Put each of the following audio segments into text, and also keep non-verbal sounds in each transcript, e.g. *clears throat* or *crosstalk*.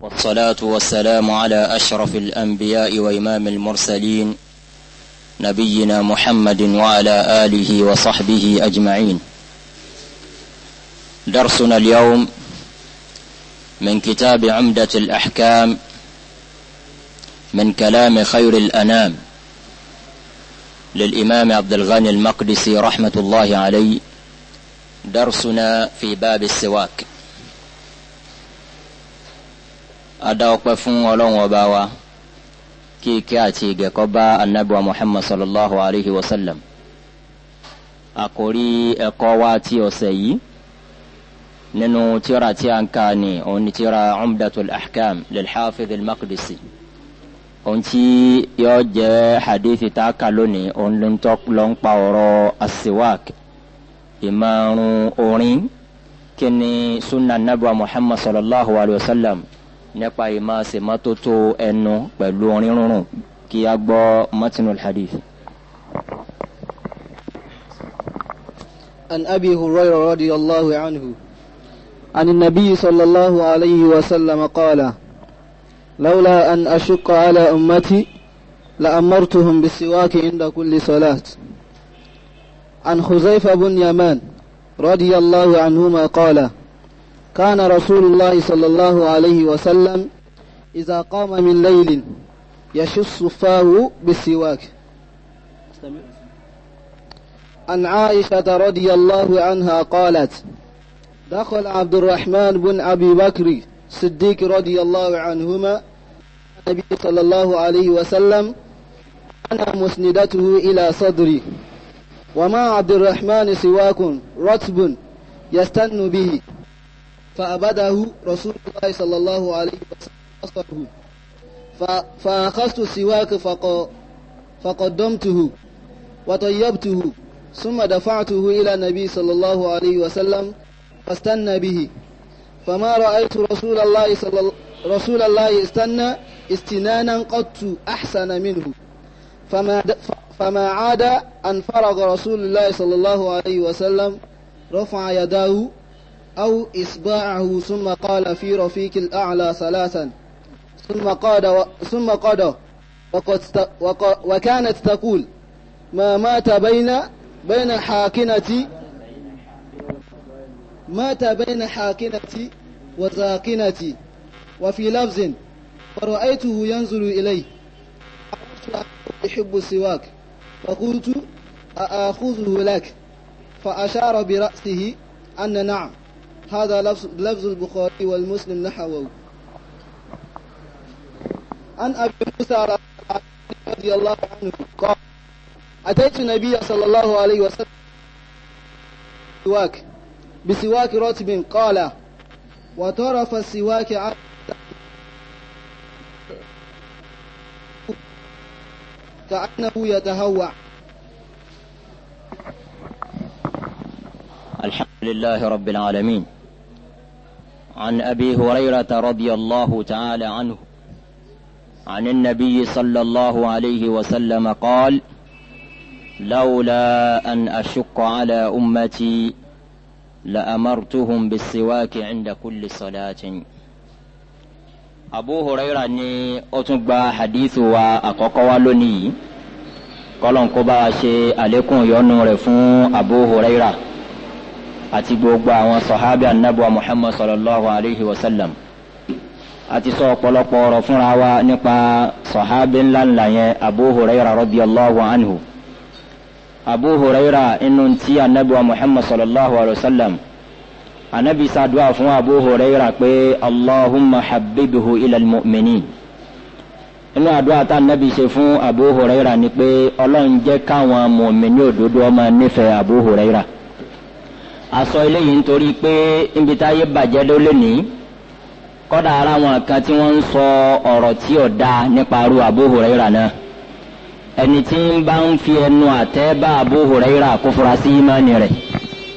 والصلاة والسلام على أشرف الأنبياء وإمام المرسلين نبينا محمد وعلى آله وصحبه أجمعين درسنا اليوم من كتاب عمدة الأحكام من كلام خير الأنام للإمام عبد الغني المقدسي رحمة الله عليه درسنا في باب السواك ada ọpẹ́ fún Ọlọ́run ọba wa kí ike àti ìgẹ̀kọ́ bá anabi wa muhammad sallallahu alayhi wa sallam àkórí ẹ̀kọ́ wa ti ọ̀sẹ̀ yìí nínú tírà tí a ń kà ní òun ni tírà umdatul ahkam lilhafidh al-maqdisi òun tí yóò jẹ́ hadithi tá a lónìí òun ló ń tọ́ ló ń pa ọ̀rọ̀ asiwak ìmọ̀ràn orin kí ni sunna anabi muhammad sallallahu alayhi wa sallam nípa ìmọ̀ sèmọ́tótó ẹnu pẹ̀lú orin rúnrún kí a gbọ́ mọ́tínú hadith. عن أبي هريرة رضي الله عنه عن النبي صلى الله عليه وسلم قال لولا أن أشق على أمتي لأمرتهم بالسواك عند كل صلاة عن خزيفة بن يمان رضي الله عنهما قال كان رسول الله صلى الله عليه وسلم إذا قام من ليل يشص فاه بالسواك عن عائشة رضي الله عنها قالت دخل عبد الرحمن بن أبي بكر صديق رضي الله عنهما النبي صلى الله عليه وسلم أنا مسندته إلى صدري وما عبد الرحمن سواك رطب يستن به فأبده رسول الله صلى الله عليه وسلم فأخذت السواك فقدمته وطيبته ثم دفعته إلى النبي صلى الله عليه وسلم فاستنى به فما رأيت رسول الله صلى رسول الله استنى استنانا قط أحسن منه فما فما عاد أن فرغ رسول الله صلى الله عليه وسلم رفع يداه أو إصبعه ثم قال في رفيق الأعلى ثلاثا ثم قاد و... ثم قاد وقد ت... وق... وكانت تقول ما مات بين بين حاكنتي مات بين حاكنتي وزاكنتي وفي لفظ فرأيته ينظر إلي يحب السواك فقلت أأخذه لك فأشار برأسه أن نعم هذا لفظ, لفظ البخاري والمسلم نحوه عن أبي موسى رضي الله عنه قال أتيت النبي صلى الله عليه وسلم بسواك بسواك رتب قال وطرف السواك على كأنه يتهوى الحمد لله رب العالمين عن أبي هريرة رضي الله تعالى عنه عن النبي صلى الله عليه وسلم قال لولا أن أشق على أمتي لأمرتهم بالسواك عند كل صلاة أبو هريرة ني أتنبى حديث وأقوى لني قال انقبا شيء عليكم يونو رفون أبو هريرة àti gbogbo àwọn sọ̀hábì anábọ̀ muhammad sallallahu alayhi wa sallam àti sọ ọ̀pọ̀lọpọ̀ ọ̀rọ̀ fúnra wa nípa sọ̀hábì ńláńlá yẹn abu huraira radiyallahu anhu abu huraira inú ti anábọ̀ muhammad sallallahu alayhi wa sallam anabi sàdúrà fún abu huraira pé allahumma habibuhu ilal mu'minin inú àdúrà tá nàbì ṣe fún abu huraira ni pé ọlọ́run jẹ́ káwọn mọ̀mí òdodo ọmọ nífẹ̀ẹ́ abu àsọ eléyìí nítorí pé níbi táyé bàjẹ́ ló lé ní kọ́dà ara wọn kan tí wọ́n ń sọ ọ̀rọ̀ tí ò dáa nípa aru Abu Huraira náà ẹni tí ń bá ń fi ẹnu àtẹ́ bá Abu Huraira kó fura sí ìmánì rẹ̀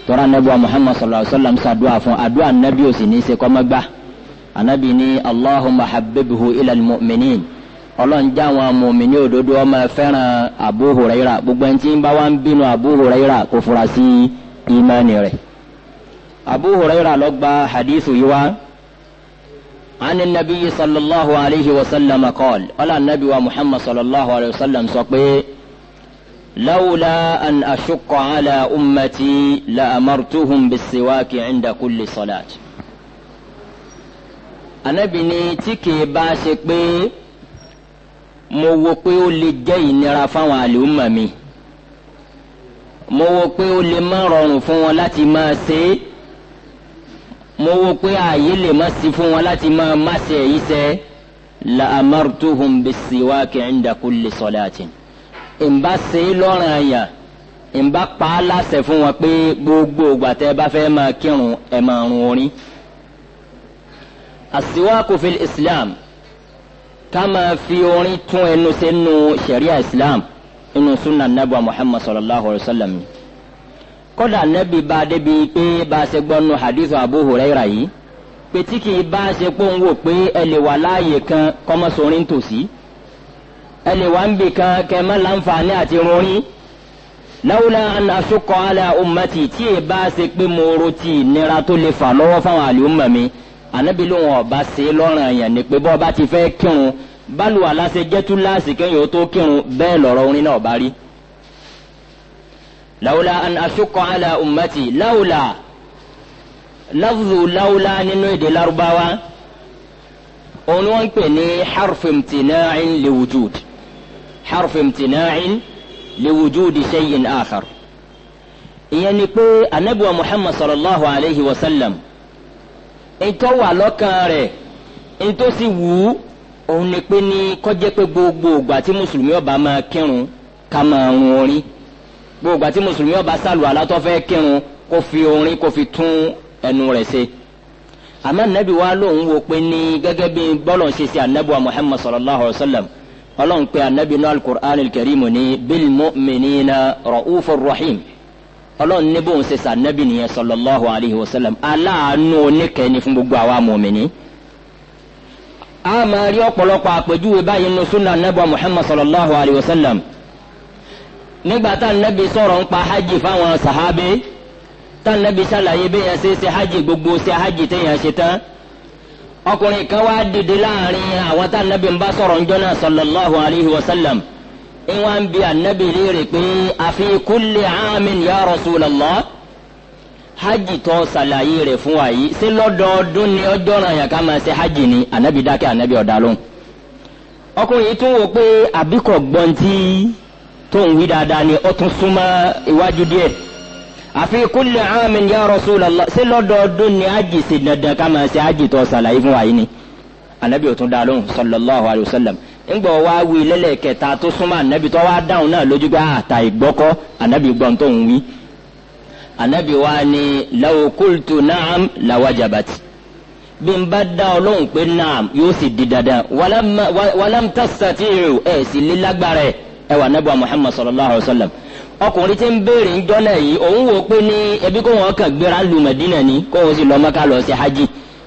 tọ́ra nẹ́bùa Muhammad sallallahu alayhi wa sallam ṣàdúrà fún àdúrà nẹ́bí òsì ní í ṣe kọ́mọ́gbà anabi ní Allahumma habibhu ilal mu'minin ọlọ́run já àwọn mùmíní òdodo ó máa fẹ́ràn Abu Huraira gbogbo ẹni tí ń bá wá ń bínú Abu Huraira kó fura sí ìmánì ìmánì rẹ̀ abu huraira ló gba hadithu yìí wá ani nabiyyi sallallahu alayhi wa sallam kọ́l ọlá nabi wa muhammad sallallahu alayhi wa sallam sọ pé lawla an ashukka ala ummati la amartuhum bisiwaki inda kulli salat anabi ni tí kìí bá ṣe pé mo wo pé ó lè jẹ́ ìnira fáwọn àlè umma mo wo pé ó lè má rọrùn fún wọn láti máa ṣe é mo wo pé ààyè lè má sí fún wọn láti máa má ṣe èyí ṣe la amartuhum bis-siwak 'inda kulli salatin ìmbá ṣe é lọ́rùn àyà ìmbá pa á láṣẹ fún wọn pé gbogbo ìgbà bá fẹ́ máa kírun ẹ̀ máa rún orin. as-siwaku islam ká máa fi orin tún ẹnu sínú ṣẹ̀ríà islam. inu sunna nabu muhammad sallallahu alayhi wa sallam ni kódà nabi bá a débi pé bá a gbọ́ nu hadithu abu huraira yìí pé tí kì í bá a wò pé ẹ wà láàyè kan kọ́mọ́sọ̀rin tòsí ẹ lè wà ń bì kan kẹ́mẹ́ láǹfààní àti rúnrín lawla an asukọ ala ummati tí e bá a ṣe pé mo ro ti ìnira tó lè fà lọ́wọ́ fáwọn àlè ọmọ mi ànábi ló wọn ọba ṣe lọ́rùn àyàn ni pé bọ́ ọba ti fẹ́ kírun báluwà láṣẹ jẹ́tú láàsì kẹ́yìn ó tó kírun bẹ́ẹ̀ lọ́rọ̀ orin náà bá rí. lawla an ashuqa ala ummati lawla lafzu lawla nínú èdè Lárúbáwá òun wọ́n ń pè ní harfi imtina'in liwujud harfi imtina'in liwujud shay'in akhar ìyẹn ni pé anabiwa muhammad sallallahu alayhi wa sallam ìtọ́wà lọ́kàn rẹ̀ ìtọ́sí wù ú òun ni pé ní kọjẹ́ pé gbogbo ìgbà tí mùsùlùmí ọba máa kírun ká máa run orin gbogbo ìgbà tí mùsùlùmí ọba sàlù alátọ́fẹ́ kírun kó fi orin kó fi tún ẹnu rẹ̀ ṣe àmọ́ nàbí wa lòun wò pé ní gẹ́gẹ́ bí bọ́lọ̀ ṣe ṣe anabiwa muhammad sallallahu alayhi wa sallam ọlọ́run pé anabi náà alukur'an kẹrìmù ní bil mu'minina ra'ufur rahim ọlọ́run ní bóun ṣe ṣe anabi nìyẹn sallallahu alayhi wa sallam aláàánú oníkẹ́ni fún gbogbo àwa mọ̀mìnì a máa rí ọ̀pọ̀lọpọ̀ àpèjúwe báyìí nínú sunna anabiwa muhammad sallallahu alayhi wa sallam nígbà tá anabi sọ̀rọ̀ ń pa hajj fáwọn sahabe tá anabi ṣàlàyé bí yẹn ṣe ṣe hajj gbogbo ṣe hajj téèyàn ṣe tán ọkùnrin kan wá dìde láàrin àwọn tá anabi ń bá sọ̀rọ̀ ń sallallahu alayhi wa sallam ìwọ̀n bí anabi léèrè pé àfi kulli aamin ya rasulallah hajj tó ṣàlàyé rẹ̀ fún wa yìí ṣé lọ́dọọdún ni ọjọ́ ràn yàn ká máa hajj ni ànábì dákẹ́ ànábì ọ̀dà lóhùn. ọkùnrin yìí tún wò pé àbíkọ̀ gbọ́n tí tóun wí dáadáa ni ó tún súnmọ́ iwájú díẹ̀ àfi kulli amin ya Rasulullah ṣé lọ́dọọdún ni hajj ṣe dandan ká máa ṣe hajj tó ṣàlàyé fún wa yìí ni ànábì ó tún sallallahu alayhi wa sallam ńgbọ wá wí lẹ́lẹ́kẹta tó súnmọ́ ànábì tó wá dáhùn náà lójú gbá àtà ah, ìgbọ́kọ́ ànábì gbọ́n tóun wí anabi wa ni lawo kultu naam lawajabati bí n bá dá ọlọ́run pé naam yóò sì di dandan walam tasatiru ẹ̀ sì lílágbára ẹ̀ ẹ̀ wà anabi wa muhammad sallallahu alayhi wa sallam ọkùnrin tí ń béèrè ń jọ́nà yìí òun wò pé ní ebi kó wọn kàn gbéra lu mẹ̀dínà ni kó wọn sì lọ Mẹ́kà lọ sí hajj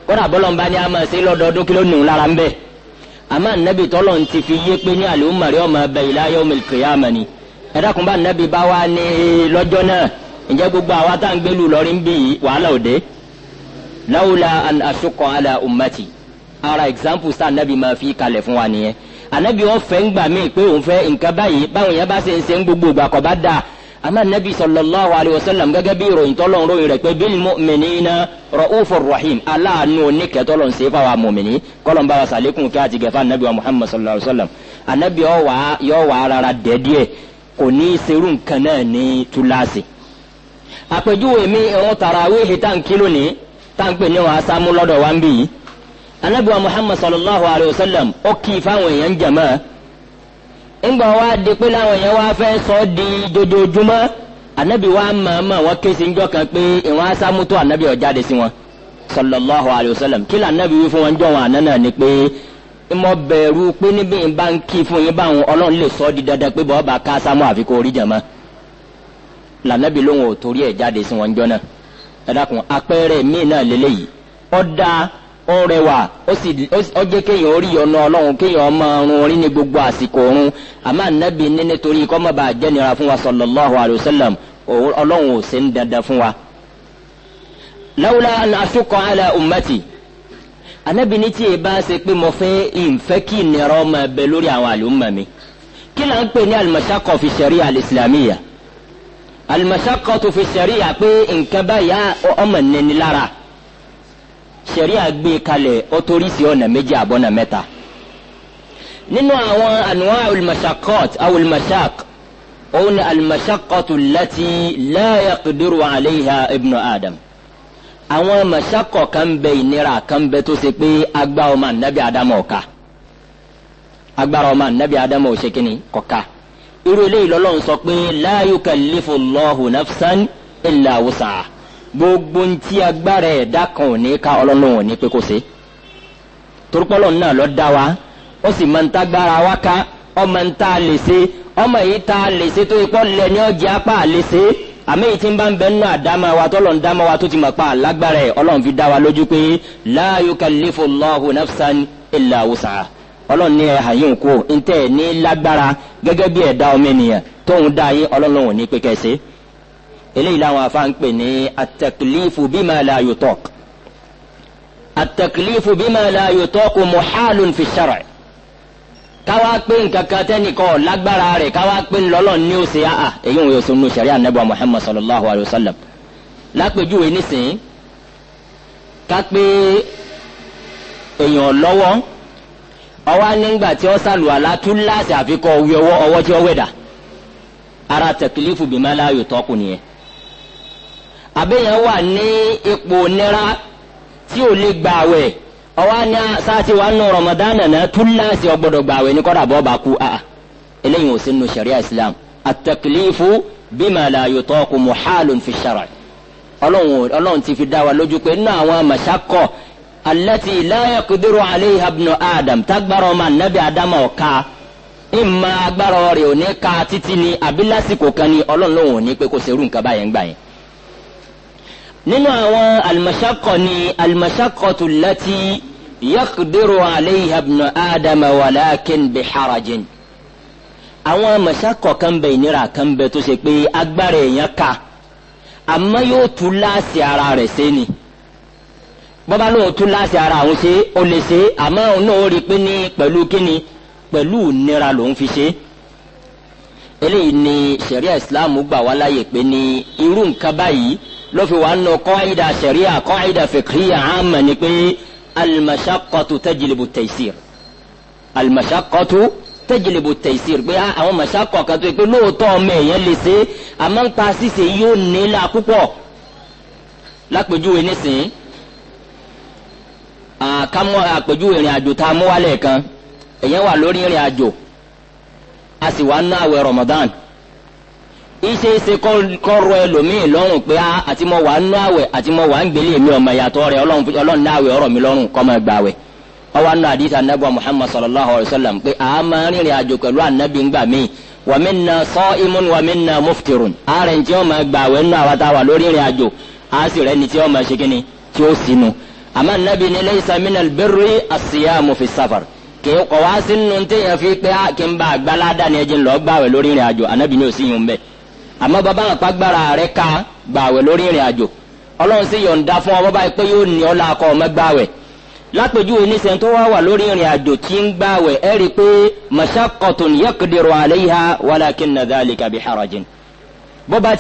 kódà bọ́lọ́mbà ni a máa ṣe lọ́dọọdún kí ló nù lára ń bẹ̀ àmọ́ ànábì tọ́lọ̀ ń ti fi yé pé ní àlè ó ọmọ abẹ ìlà yawmil ni ẹ̀dá kùnbà ànábì bá wà ní lọ́jọ́ náà ǹjẹ́ gbogbo àwa tá à ń gbélu lọ́rí ń wàhálà òde lawla an asukọ̀ ala umati ara example sa anabi máa fi kalẹ̀ fún wa nìyẹn anabi wọn fẹ́ ń gbà mí pé òun fẹ́ nǹkan báyìí báwọn yẹn bá ṣe ń ṣe ń gbogbo ìgbà kọ́ bá anabi sallallahu alayhi wa sallam gẹ́gẹ́ bí ìròyìn tọ́lọ́run ròyìn rẹ̀ pé bil mu'minina ra'ufur rahim aláàánú oníkẹ́tọ́lọ́run ṣe fáwọn mọ̀mìnì kọ́lọ́n bá wa sàlékún kí àti gẹ̀fà anabi wa muhammad sallallahu alayhi wa sallam anabi yọ wàá rárá dẹ́díẹ̀ kò ní serun serú nǹkan náà ní túláàsì. àpèjúwe mi ìrun tàràwíhì tá n kí lónìí nkpe n pè ní wàá sámú lọ́dọ̀ wa anabiwa muhammad sallallahu alayhi wa sallam ó kì í fáwọn èèyàn jàmá ńgbà wa di pé láwọn èèyàn wa fẹ́ sọ di dojoojúmọ́ anabi wa ma wọn ké njọ́ kan pé ìrun asamu tó anabi ó jáde sí wọn sallallahu alayhi wa sallam kí anabi wí fún wọn jọ wọn ni pé mo bẹ̀rù pé níbi ìbá ń kí sọ di dandan pé bọ́ọ̀ bá ká àfikún orí lànàbí lóun ò torí ẹ̀ jáde sí wọn jọ́nà ẹ dákun apẹ́rẹ́ míì náà lélẹ́yìí ọ̀dà ọ̀rẹ́wà ó jẹ́ kéèyàn orí ọ̀nà ọlọ́run kéèyàn ọmọ ọrùn orí ní gbogbo àsìkò ọ̀run àmọ́ ànàbí ní nítorí kọ́mọba àjẹnira fún wa sallallahu alayhi wa sallam ọlọ́run ò sí ń dandan fún wa. lawla an ala umati, ànàbí ní tí ì bá ṣe pé mo fẹ́ ìfẹ́ kí ìnira ọmọ ẹbẹ lórí àwọn àlùmọ̀ mi kí là ń pè ní al-mashaqqa fi alimasakọtu fi sariya pé nǹkan báyà ọmọ nẹni lára sariya gbé kalẹ̀ ọtọrisi ọ̀nà méjì àbọ̀nà mẹ́ta nínú àwọn anuwa alimasakọt awolimasak òun ni alimasakọtu lati láyà kuduru aleyha ibnu adam àwọn masakọ kan bẹ ìnira kan bẹ tó ṣe pé agbára ọmọ anabi adamu ọka agbára ọmọ anabi adamu ọsẹ kọka irú eléyìí lọ́lọ́run sọ pé la yukallifu Allahu nafsan illa wus'aha gbogbo ntí agbára ẹ̀dá kan ò ní ká ọlọ́run ò ní pé kó ṣe torúpọ́lọ́ náà lọ dá wa ó sì máa ń ta gbára wa ká ọmọ ń ta lè ṣe ọmọ yìí ta lè ṣe tó ipọ́ lẹ ní ọjà apá lè ṣe àmì yìí ti ń bá ń bẹ nínú àdámà wa tọ́lọ̀ ń dámà wa tó ti mọ̀ pa àlágbára ẹ̀ ọlọ́run fi dá wa lójú pé la yukallifu Allahu nafsan illa wus'aha ọlọ́run ní ẹ àyè ńkú ntẹ́ ní lágbára gẹ́gẹ́ bí ẹ̀dá ọmọ ènìyàn tóun dá yín ọlọ́run ò ní pé kẹsí. eléyìí làwọn afáàn pè ní atakilifu bímọ aláyò tọ́k atakilifu bímọ aláyò tọ́k muhalun fi sara káwá pé nkankan tẹ́nìkan lágbára rẹ̀ káwá pé ńlọ́lọ́n ní òsè àà èyí wọn yóò sọ nù sẹ̀ríà nẹ́bà muhammad sallallahu alayhi wa sallam lápèjúwe nísìnyí ká pé èèyàn lọ́wọ́ ọwọ́ nígbà tí ó sàlùwàlá tún láti àfikọ́ wí ọwọ́ ọwọ́ tí ó wẹ̀dà ara tẹ̀kílífù bímọ aláyò tọ́kù nìyẹn. àbẹ̀yẹn wà ní ipò nira tí ò lè gbà wẹ̀ ọwọ́ ní sáàtì wà nù Ramadan náà tún láti ọgbọ́dọ̀ gbà wẹ̀ ní kọ́dà bá kú a eléyìí ò sí nù sariya Islam àtẹ̀kílífù bímọ aláyò muhalun fi shar'i ọlọ́run ti fi dá wa lójú pé nínú àwọn àmàṣà kọ́ allati la yaqdiru alayha ibnu adam tagbara ọmọ anabi adama ọ̀ka ìmọ̀ agbára rẹ̀ ò ní ka títí ni àbí lásìkò kan ni ọlọ́run lòun ò ní pé kó ṣerú nǹkan báyẹn gbà yẹn. nínú àwọn almashaqqo ni almashaqqatu allati yaqdiru alayha ibnu adama walakin biharajin. àwọn mashaqqo kan bẹ ìnira kan bẹ tó ṣe pé agbára èèyàn ka àmọ́ yóò tú láàsì ara rẹ̀ sẹ́ni bọ́bá lóun tún láti ara àwọn ṣe ó lè ṣe àmọ́ òun náà ó rí i pé ní pẹ̀lú kíni pẹ̀lú ìnira lòun fi ṣe. eléyìí ni sẹ̀ríà ìsìláàmù gbà wá láyè pé ní irú nǹkan báyìí ló fi wá nù kọ́ìdà sẹ̀ríà kọ́ìdà fìkìyà àmà ni pé alimasakọ́tù tẹ́jìlìbù tẹ̀sír alimasakọ́tù tẹ́jìlìbù tẹ̀sír pé àwọn masakọ̀ kan tó yẹ pé lóòótọ́ ọmọ èèyàn lè ṣe àmọ́ ń ṣíṣe yóò àkámọ́ àpèjú ìrìn àjò tá a mú wálẹ̀ kan èyàn wà lórí ìrìn àjò a sì wá ná àwẹ̀ Ramadan iṣẹ́ iṣẹ́ kọ́ rọ ẹlòmíì lọ́rùn pé àti mo wà ná àwẹ̀ àti mo wà ń gbélé mi ọmọ ìyàtọ̀ rẹ̀ ọlọ́run ná àwẹ̀ ọ̀rọ̀ mi lọ́rùn kọ́ máa gbà àwẹ̀ ọwọ́ àná àdìsá anábọ̀ Muhammad sallallahu alayhi wa sallam pé a máa ń rìnrìn àjò pẹ̀lú anábì ń gbà míì wa minna sa'imun wa minna muftirun ààrẹ ní tí wọ́n máa gbà àwẹ̀ nínú àwa tá a lórí ìrìn àjò àá sì ni tí wọ́n máa ṣe kíni tí ó sinú àmọ́ nabi ni laysa minal birri as-siyamu fi safar kìí kọ̀ wá sí nínú téèyàn fi pé ah, kí n bá àgbàlá dání ẹjẹ ńlọ gbàwẹ̀ lórí ìrìn àjò ànábì ni ò sí yun bẹ́ẹ̀ àmọ́ bàbá àpá gbára rẹ̀ ká gbàwẹ̀ lórí ìrìn àjò ọlọ́run sì yọ̀ǹda fún ọ bàbá pé yóò ní ọlá akọ ọmọ gbàwẹ̀ lápèjúwe níṣẹ́ tó wá wà lórí ìrìn àjò tí ń gbàwẹ̀ ẹ rí i pé mashaqqatun yaqdiru alayha walakinna dhalika bi harajin bọ́ba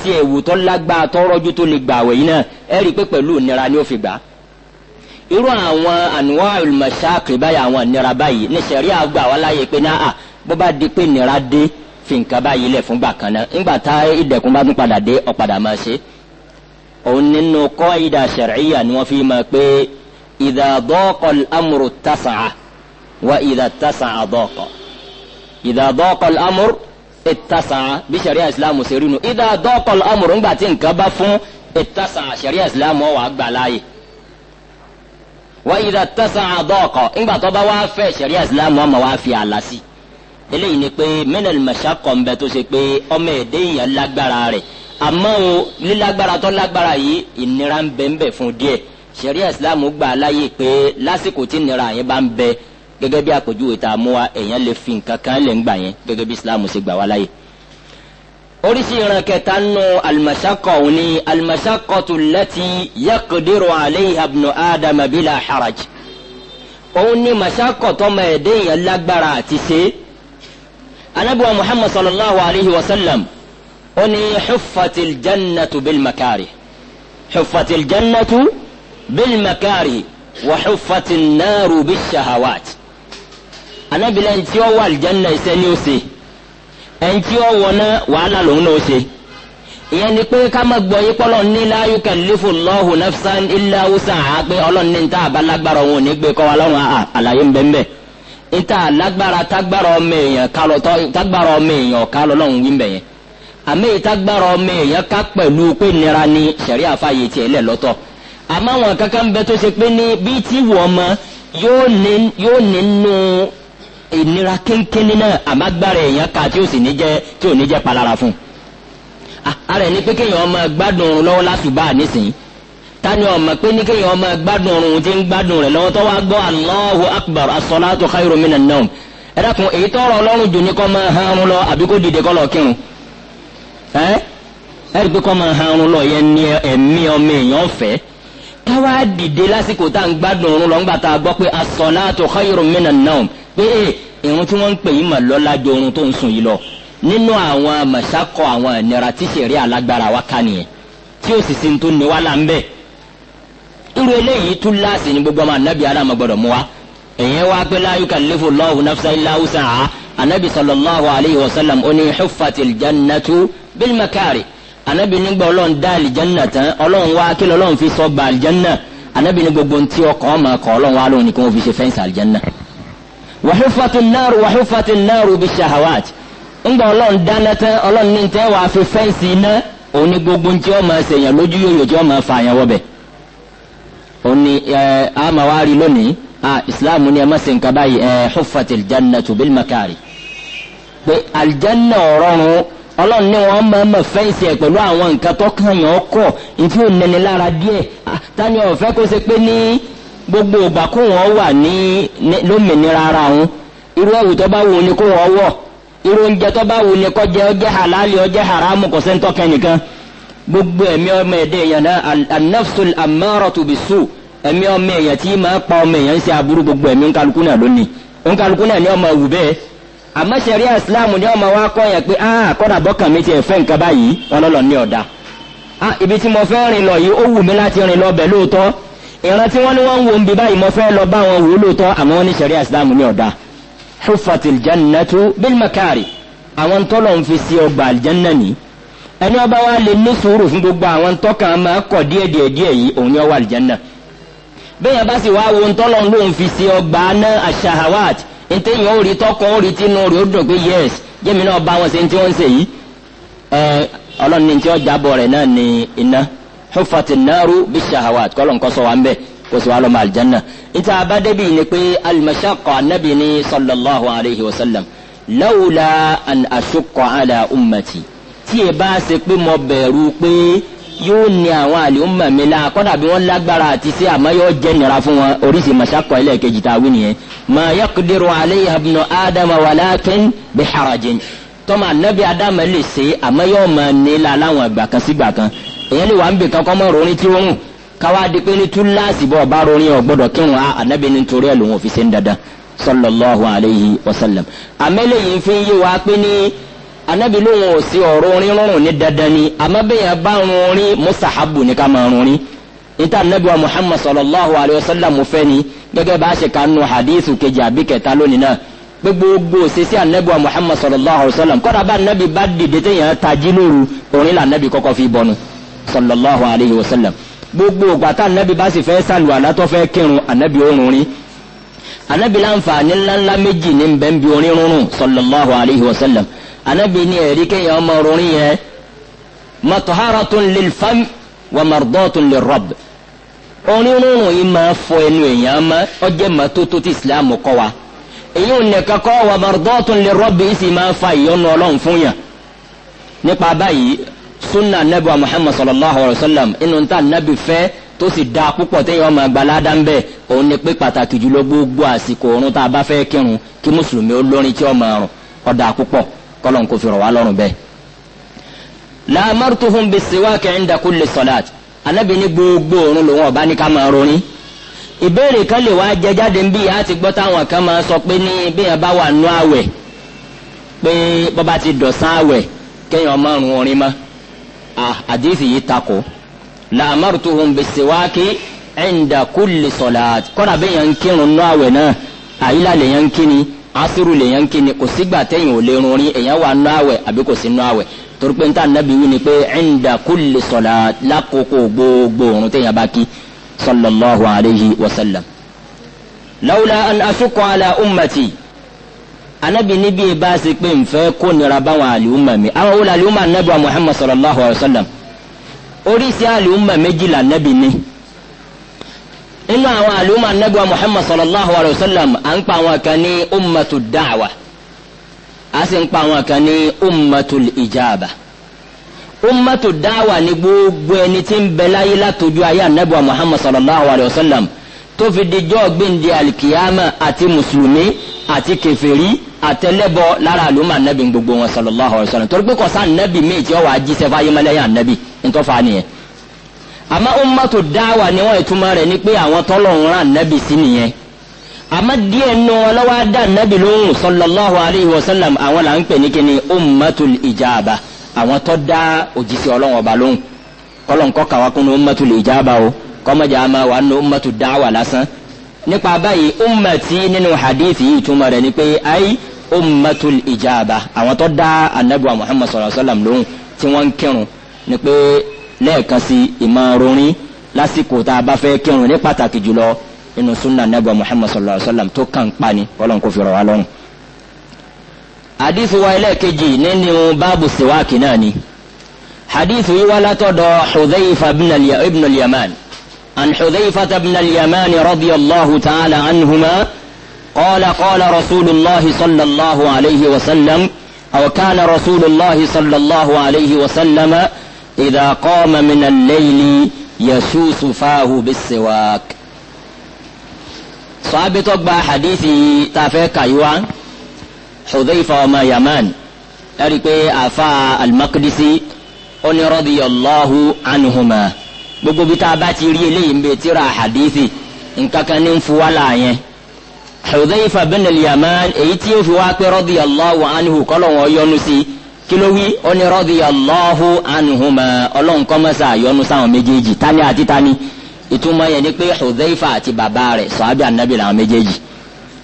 irú àwọn ànúwà olùmọ̀ṣáàkì báyìí àwọn ìnira báyìí ní sẹ̀rí àgbà wà láàyè pé ní à ah, bó bá di pé ìnira dé fi nǹkan báyìí lẹ̀ fúngbà kan náà ńgbà tá ìdẹ̀kùn bá tún padà dé ọ̀padà máa ṣe. òun nínú kọ́ ìdá sẹ̀ríyà ni wọ́n fi mọ̀ pé ìdá dọ́kọ̀ amúrú tásàá wa ìdá tásàá dọ́kọ̀ ìdá dọ́kọ̀ amúrú ìtásàá bí sẹ̀ríyà ìsìlámù ṣe rí nu ìdá dọ́kọ̀ amúrú ńgbà tí nǹkan bá fún ìtásàá sẹ̀ríyà ìsìlámù ọ̀ wà gbà láàyè wọ́n yìí tẹ̀sán àdọ́ọ̀kọ̀ ńgbà tó bá wá fẹ́ sẹ̀ríà ìsìlámù ọmọ wa fi àlá sí eléyìí ni pé mẹ́nẹ̀lì mẹ́sà kọ̀ ń bẹ tó ṣe pé ọmọ èdè yẹn lágbára rẹ̀ àmọ́ o lílágbára tó lágbára yìí ìnira ń bẹ ń bẹ fún díẹ̀ sẹ̀ríà ìsìlámù gbà láyè pé lásìkò tí ìnira yẹn bá ń bẹ gẹ́gẹ́ bí àpèjúwe tá a mú wa èèyàn lè fi nǹkan kan lè ń gbà yẹn gẹ́gẹ́ bí ìsìlámù ṣe gbà wá láyè oríṣi ìran kẹta nù alimasakọ òní alimasakọ tó lẹti yakodiru aleyhi abnu adama bila haraj òun ni masakọ tọmọ ẹdẹ yẹn lágbára àti ṣe anabiwa muhammad sallallahu alayhi wa sallam òní xufatil jannatu bil makari xufatil jannatu bil wa xufatil naaru bil anabila ntí wà aljanna ìsẹ́ni ó ṣe. ẹni tí ó wọ náà wàhálà lòun náà ṣe ìyẹn ni pé ká má gbọ́ yípo lọ́n ní la yukallifu Allahu nafsan illa wus'aha pé ọlọ́run ní níta òun ní gbé wa àlàyé ń níta àlágbára tágbára ọmọ èèyàn ká lọ tágbára ọmọ èèyàn wí yẹn àmì ọmọ èèyàn ká pé nira ni sẹ̀rí àfààyè tiẹ̀ àwọn kankan bẹ tó ṣe ní bíi tí mọ yóò ìnira kéńkéńní náà àmágbára èèyàn ká tí ò sì ní jẹ́ tí ò ní jẹ́ palára fún un. ara ẹ̀ ní pé kéèyàn ọmọ gbádùn oorun lọ́wọ́ lásùbà nísìnyí tani ọmọ pé ní kéèyàn ọmọ gbádùn oorun tí ń gbádùn rẹ̀ lọ́wọ́ tó wá gbọ́ Allahu akbar as-salatu khairu minan nawm ẹ dákun èyí tọrọ Ọlọ́run jù ní kó máa hanrun lọ àbí kó dìde kó lọ kírun ẹ ẹ rí i pé kó máa hanrun lọ yẹn ní ẹ̀mí ọmọ èèyàn fẹ́ẹ́ káwá dìde lásìkò tá à ń gbádùn òun lọ́ngbà tá a gbọ́ pé as-salatu khayrun minan nawm pé ẹ ìrun tí wọ́n ń pè yín mà lọ́lá ju oorun tó ń sùn yìí lọ nínú àwọn màṣákọ àwọn ìnira tí sẹ̀rí alágbára wa ká nìyẹn tí ó sì sí tó ní wá là ń bẹ̀. irú eléyìí tún láàsì ní gbogbo ọmọ anabi adama gbọdọ̀ mú wa èyàn wá pé la yukallifu Allahu nafsan illa anabi nígbà ọlọ́run dá àlìjánná tán ọlọ́run wá kí lọ́lọ́run fi sọ ba àlìjánná anabi ní gbogbo ntí ọkọ̀ ọmọ akọ̀ ọlọ́run wá lóhun ni kí wọ́n fi ṣe fẹ́ǹsì àlìjánná. wàhúfàtú náàrú wàhúfàtú náàrú bí shahawat ńgbà ọlọ́run dáná tán ọlọ́run ní tẹ́ wàá fi fẹ́ǹsì iná òun ni gbogbo ntí ọmọ ẹsẹ̀yàn lójú yòyò tí ọmọ fa àyàn wọbẹ̀. òun ẹ àmà wá rí lónìí ah islam ni ẹ má ṣe nǹkan báyìí ẹ húfàtú aljanna tó bí ọlọ́run ní wọn máa ma fẹ́ǹsì ẹ̀ pẹ̀lú àwọn nǹkan tó kàyàn ọkọ̀ ìfi ònẹni lára díẹ̀ tani ọ̀fẹ́ kó ṣe pé ní gbogbo ìgbà kó wà ní lómìnira ara wọn irú ẹ̀wù tó bá wù ni kó wọ̀ irú oúnjẹ tó bá wù ni kó ọjẹ́ halali ọjẹ́ haramu kò sẹ́ńtọ́ kẹ́nìkan gbogbo ẹ̀mí ọmọ ẹ̀dẹ́ èèyàn náà ẹ̀mí ọmọ èèyàn tí pa ọmọ gbogbo ẹ̀mí nkalukuna lónìí nkalukuna ni ọmọ àmọ́ sẹ̀ríà islam ní ọmọ wa kọ́ yẹn pé ah kọ́dà bọ́kàn mi ti ẹ̀fẹ́ nǹkan báyìí ọlọ́lọ́ ní ọ̀dà ah ibi tí mo fẹ́ rìn lọ yìí ó wù mí láti rìn lọ bẹ̀ lóòótọ́ ìran tí wọ́n ní wọ́n ń wo ń bi báyìí mo fẹ́ lọ bá wọn wò ó lóòótọ́ àmọ́ wọ́n ní sẹ̀ríà islam ní ọ̀dà hufatil jannatu bil àwọn tọ́lọ̀ ń fi sí ọgbà aljanna ni ẹni ọba wa lè ní sùúrù fún gbogbo àwọn tọ́kàn máa kọ̀ díẹ̀díẹ̀díẹ̀ yìí òun ni ọwọ́ aljanna bẹ́ẹ̀ yẹn bá sì wá wo ń tọ́lọ̀ ń lóun fi sí ọgbà náà àṣàhàwáàtì ntẹ yẹn ó rí tọkọ ó rí tínú rí ó dùn pé yes jẹmi náà bá wọn ṣe ntí wọn ń ṣe yìí ẹ ọlọ́run ní ntí ọjà bọ̀ rẹ̀ náà ní iná hufat naru bishahawat kọ́ ló ń kọ́ sọ wa ń bẹ̀ kó sì wá lọ́mọ aljanna ntẹ abadébí ni pé alimasakọ anabi ni sallallahu alayhi wa sallam lawla an asukọ ala ummati tí ẹ bá ṣe pé mo bẹ̀rù pé yóò ní àwọn àlùmọ̀ mi la kọ́dà bí wọ́n lágbára àti sí àmọ́ yóò jẹ́ nira fún wọn oríṣi mọ̀ṣákọ̀ ẹlẹ́ẹ̀kejì tá a wí nìyẹn. mà yaqdiru alayha ibnu ádámà walakin bi harajin tọ́mọ anabi ádámà lè ṣe àmọ́ yóò máa ní la láwọn ìgbà kan sígbà kan èyàn lè wà ń bì kankan mọ́ rorin tí rorun káwá di pé ní túláàsì bọ́ ọba rorin ọ̀gbọ́dọ̀ kírun anabi nítorí ẹ̀ anabi lóun ò sí ọ̀rọ̀ orin rọrùn ní dandan ni àmọ́ bẹ́ẹ̀ yẹn bá ń rin musahabu ní ká máa rin níta anabi wa muhammad sallallahu alayhi wa sallam fẹ́ ni gẹ́gẹ́ bá a ṣe kanu hadith kejì àbí kẹta lónìí náà pé gbogbo òṣìṣẹ́ anabi wa muhammad sallallahu alayhi wa sallam kọ́ra bá anabi bá dìde téèyàn tají lóru orin la anabi kọ́kọ́ fi bọ́nu sallallahu alayhi wa sallam gbogbo ògbà tá anabi bá sì fẹ́ sálù àlátọ́ fẹ́ kírun anabi ó rin anabi láǹfààní ńláńlá méjì ní bẹ́ẹ̀ orin rúnrún sallallahu alayhi wa sallam anabi ni ẹ̀rí kéèyàn ọmọ orin yẹn mọ̀tòhárọ̀tún lilfam wà mọ̀rọ̀dọ́tún lirọ́b orin rúnrún yìí máa fọ ẹnu èèyàn mọ́ ọjẹ́ mọ́tótó tí islam kọ́ wa èyí ò ní kakọ́ wà mọ̀rọ̀dọ́tún lirọ́b yìí sì máa fa ìyọnu ọlọ́run fún yàn nípa báyìí sunna anabi wa muhammad sallallahu alayhi wa sallam inú ta anabi fẹ́ tó sì dáa púpọ̀ téèyàn máa gba ládàá ńbẹ òun ni pé pàtàkì jùlọ gbogbo àsìkò òrun tá a bá fẹ́ kírun kí mùsùlùmí olórin tí ó máa rùn púpọ̀ kọ́lọ́n kò fi rọ̀ wá lọ́rùn bẹ́ẹ̀. làmárùtùhùn bí siwáàkì inda kulli sọ̀láàtì anábì ní gbogbo òórùn lòun ọ̀bá ní ká máa ronú. ìbéèrè kan lè wá jẹ jáde ń bí ìyá àti gbọ́ táwọn kan máa sọ pé ní bíyàn bá wà nú àwẹ̀ pé bọ́ba ti dọ̀sán àwẹ̀ kéèyàn máa rún orin mọ́. àdìsí yìí takò làmárùtùhùn bí siwáàkì inda kulli sọ̀láàtì kọ́ra bíyàn ń kírun nú àwẹ̀ náà àyílà lèyàn ń kíni asiru lèyàn kí ni kò sígbà tẹ̀yìn ò lè runrin èyàn wà nù àwẹ̀ àbí kò sí nù àwẹ̀ torí pé níta nàbí wí ni pé ẹ̀ǹda kulli salat lákòókò gbogbo òrùn tẹ̀yìn bá kí sallallahu alayhi wa sallam. lawla an ashuqqa ala ummati anabi níbi ìbá sí pé nfẹ́ kó nira báwọn àlùmọ̀ mi àwọn wọlé àlùmọ̀ anabi wa muhammad sallallahu alayhi wa sallam oríṣi àlùmọ̀ méjìlá anabi ni nínú àwọn àlùmọ̀ anagba muhammad sallallahu alayhi wa sallam à ń pa àwọn kan ní ummatu da'wa a sì ń pa àwọn kan ní ummatu ijaba ummatu da'wa ni gbogbo ẹni tí ń bẹ láyé látọjú ayé anagba muhammad sallallahu alayhi wa sallam tó fi dijọ́ gbẹ̀ndé alikiyama àti mùsùlùmí àti kẹfẹ́rí àtẹlẹbọ lára àlùmọ̀ anabi gbogbo wọn sallallahu alayhi wa torí pé kọ́sá anabi méjì ọ̀ wá jíṣẹ́ fáyé mọ́lẹ́yìn anabi ntọ́fà nìyẹn àmọ́ ummatu dáwà ni wọ́n ìtumọ̀ rẹ̀ ni pé àwọn tọ́lọ́run rán nábì sí nìyẹn àmọ́ díẹ̀ nù wọn lọ́wọ́ dá nábì lóhùn sallallahu alayhi wa sallam àwọn là ń pè ní kíni ummatul ijaba àwọn tó dá òjíṣẹ́ ọlọ́run ọba lóhùn kọ́lọ̀ ńkọ́ kàwá kún ní ummatul ijaba o kọ́mọ̀jà máa wà nù ummatu dáwà lásán nípa báyìí ummati nínú hadith yìí ìtumọ̀ rẹ̀ ni pé ayi ummatul ijaba àwọn tó dá anabiwa muhammad sallallahu alayhi wa sallam lóhùn tí wọ́n ń kírun ni pé lẹ́ẹ̀kan sí ìmọ̀ rorin lásìkò tá a bá fẹ́ kírun ní pàtàkì jùlọ nínú sunna nebo muhammad sallallahu alaihi wa sallam tó kàn pa ni ọlọ́run kò fi rọ̀ wá lọ́rùn. hadith wa ẹlẹ́ẹ̀kejì nínú báàbù siwáàkì náà ni hadith yìí wá látọ̀dọ̀ xudhayfa ibn al-yaman an xudhayfa ibn al-yaman radiyallahu ta'ala anhuma qala qala rasulillahi sallallahu alaihi wa sallam aw kana rasulillahi sallallahu alaihi wa sallama. إذا قام من الليل يسوس فاه بالسواك صحابي تقبع حديثي تافيكا يوان حذيفة وما يمان أريكي أفا المقدسي أن رضي الله عنهما gbogbo bí tá a bá ti rí eléyìí ń bẹ tíra hadithi nǹkan kan ní ń fu wá láàyè Hudhayfa yaman èyí tí ó fi wá pé radiyallahu anhu kọ́lọ̀ wọn yọ́nú sí i kílówí ọni radiyallahu anhuma ọlọ́nkọ́mọ́sá yọ́nú sáwọn méjèèjì tani àti tani ìtumọ̀ yẹn ni pé Hudhaifa àti bàbá rẹ̀ sàábì ànábì làwọn méjèèjì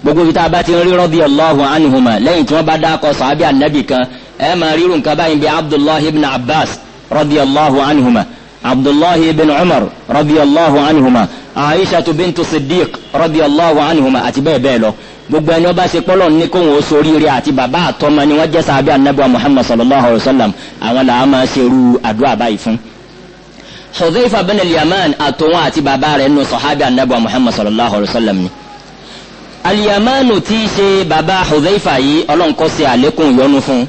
gbogbo ibi tá a bá ti ń rí radiyallahu anhuma lẹ́yìn tí wọ́n bá dákọ̀ sàábì ànábì kan ẹ̀ máa rírun kan báyìí bíi Abdullahi ibn Abbas radiyallahu anhuma عبد الله بن عمر رضي الله عنهما عائشة بنت صديق رضي الله عنهما أتبه بيلو gbogbo ẹni ọba ṣe pọlọ ní kó wọn sórí rẹ̀ àti bàbá àtọmọ ni wọn jẹ sábẹ anabiwa muhammad sallallahu alayhi wa sallam àwọn làwọn máa ṣe irú àdúrà báyìí fún. hudhaifa bin al-yaman àti bàbá rẹ̀ nù sọhábẹ anabiwa muhammad sallallahu alayhi wa sallam ni. al-yamanu ṣe bàbá hudhaifa yìí ọlọ́nkọ́ àlékún ìyọ́nú fún un